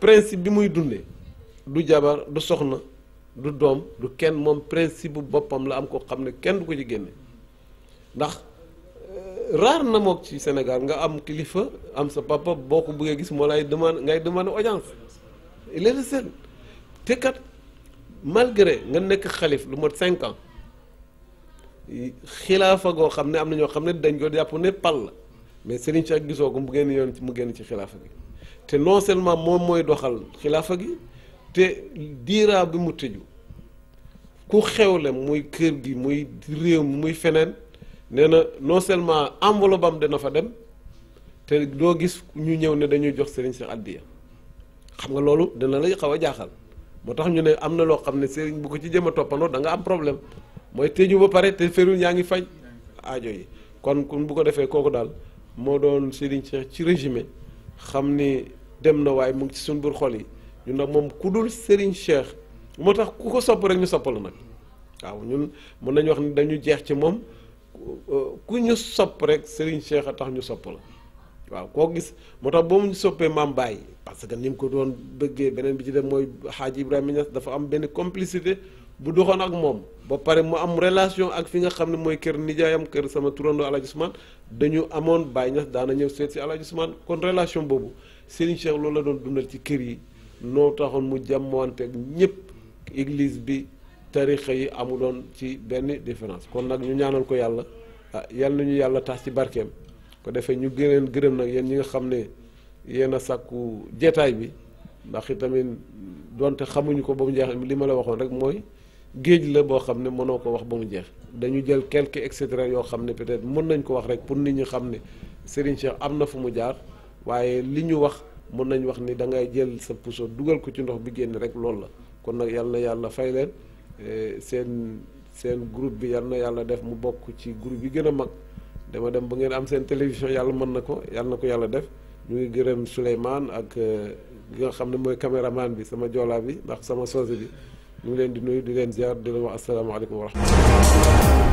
principe bi muy dundee du jabar du soxna du doom du kenn moom principe bu boppam la am ko xam ne kenn du ko ci génne ndax euh, raar na mook ci Sénégal nga am kilifa am sa papa boo ko bëggee gis moo lay demande ngay demande audience il est le seul malgré nga nekk xalif lu ma cinq ans xilaafa goo xam ne am na ñoo xam ne dañ ko jàpp ne pal la mais Serigne Cheikh gisoo ko mu génn yoon mu génn ci xilaafa gi te non seulement moom mooy doxal xilaafa gi te diiraa bi mu tëju ku xewle muy kër gi muy réew mi muy feneen nee na non seulement enveloppe am dana fa dem te doo gis ñu ñëw ne dañuy jox Serigne Cheikh addiya xam nga loolu dana lay xaw a jaaxal moo tax ñu ne am na loo xam ne Serigne bu ko ci jëm a toppandoo da nga am problème. mooy tëju ba pare te ferul yaa ngi faj ajo yi kon kon bu ko defee kooku daal moo doon Serigne Cheikh ci résumé xam ni dem na waaye mu ngi ci suñu biir xol yi ñu nag moom ku dul Serigne Cheikh moo tax ku ko sopp rek ñu sopp la nag ñun mën nañu wax ni dañu jeex ci moom ku ñu sopp rek Serigne Cheikh a tax ñu sopp la waaw koo gis moo tax boo mu soppee maam Baye parce que ni mu ko doon bëggee beneen bi ci def mooy Xaaji Ibrahima Niass dafa am benn complicité bu doxoon ak moom ba pare mu am relation ak fi nga xam ne mooy kër nijaayam kër sama turandoo Alaaji Usmaan dañu amoon Baay Ñas daana ñëw seet si Alaaji Usmaan kon relation boobu Serigne Cheikh loolu la doon dundal ci kër yi noo taxoon mu jàmmante ak ñëpp église bi tarixa yi amuloon ci benn différence kon nag ñu ñaanal ko yàlla ah yal nañu yàlla tax ci barkeem ko defee ñu gëneen gërëm nag yéen ñi nga xam ne yéen a sàkku jeetaay bi ndax itamit donte xamuñu ko ba mu jeex li ma la waxoon rek mooy géej la boo xam ne mënoo ko wax ba mu jeex dañu jël quelques et yoo xam ne peut-être mën nañ ko wax rek pour nit ñi xam ne Serigne Cheikh am na fu mu jaar waaye li ñu wax mën nañu wax ni da ngay jël sa puso dugal ko ci ndox bi génn rek loolu la kon nag yal na yàlla fay leen eh, seen seen groupe bi yal na yàlla def mu bokk ci groupe yi gën a mag dama dem ba ngeen am seen télévision yàlla mën na ko yàlla na ko yàlla def ñu ngi gërëm Souleymane ak eh, ki nga xam ne mooy caméraman bi sama joolaa bi ndax sama sose bi ñu ngi leen di nuyu di leen ziar di leen wax asalaamaaleykum wa rahmatulah.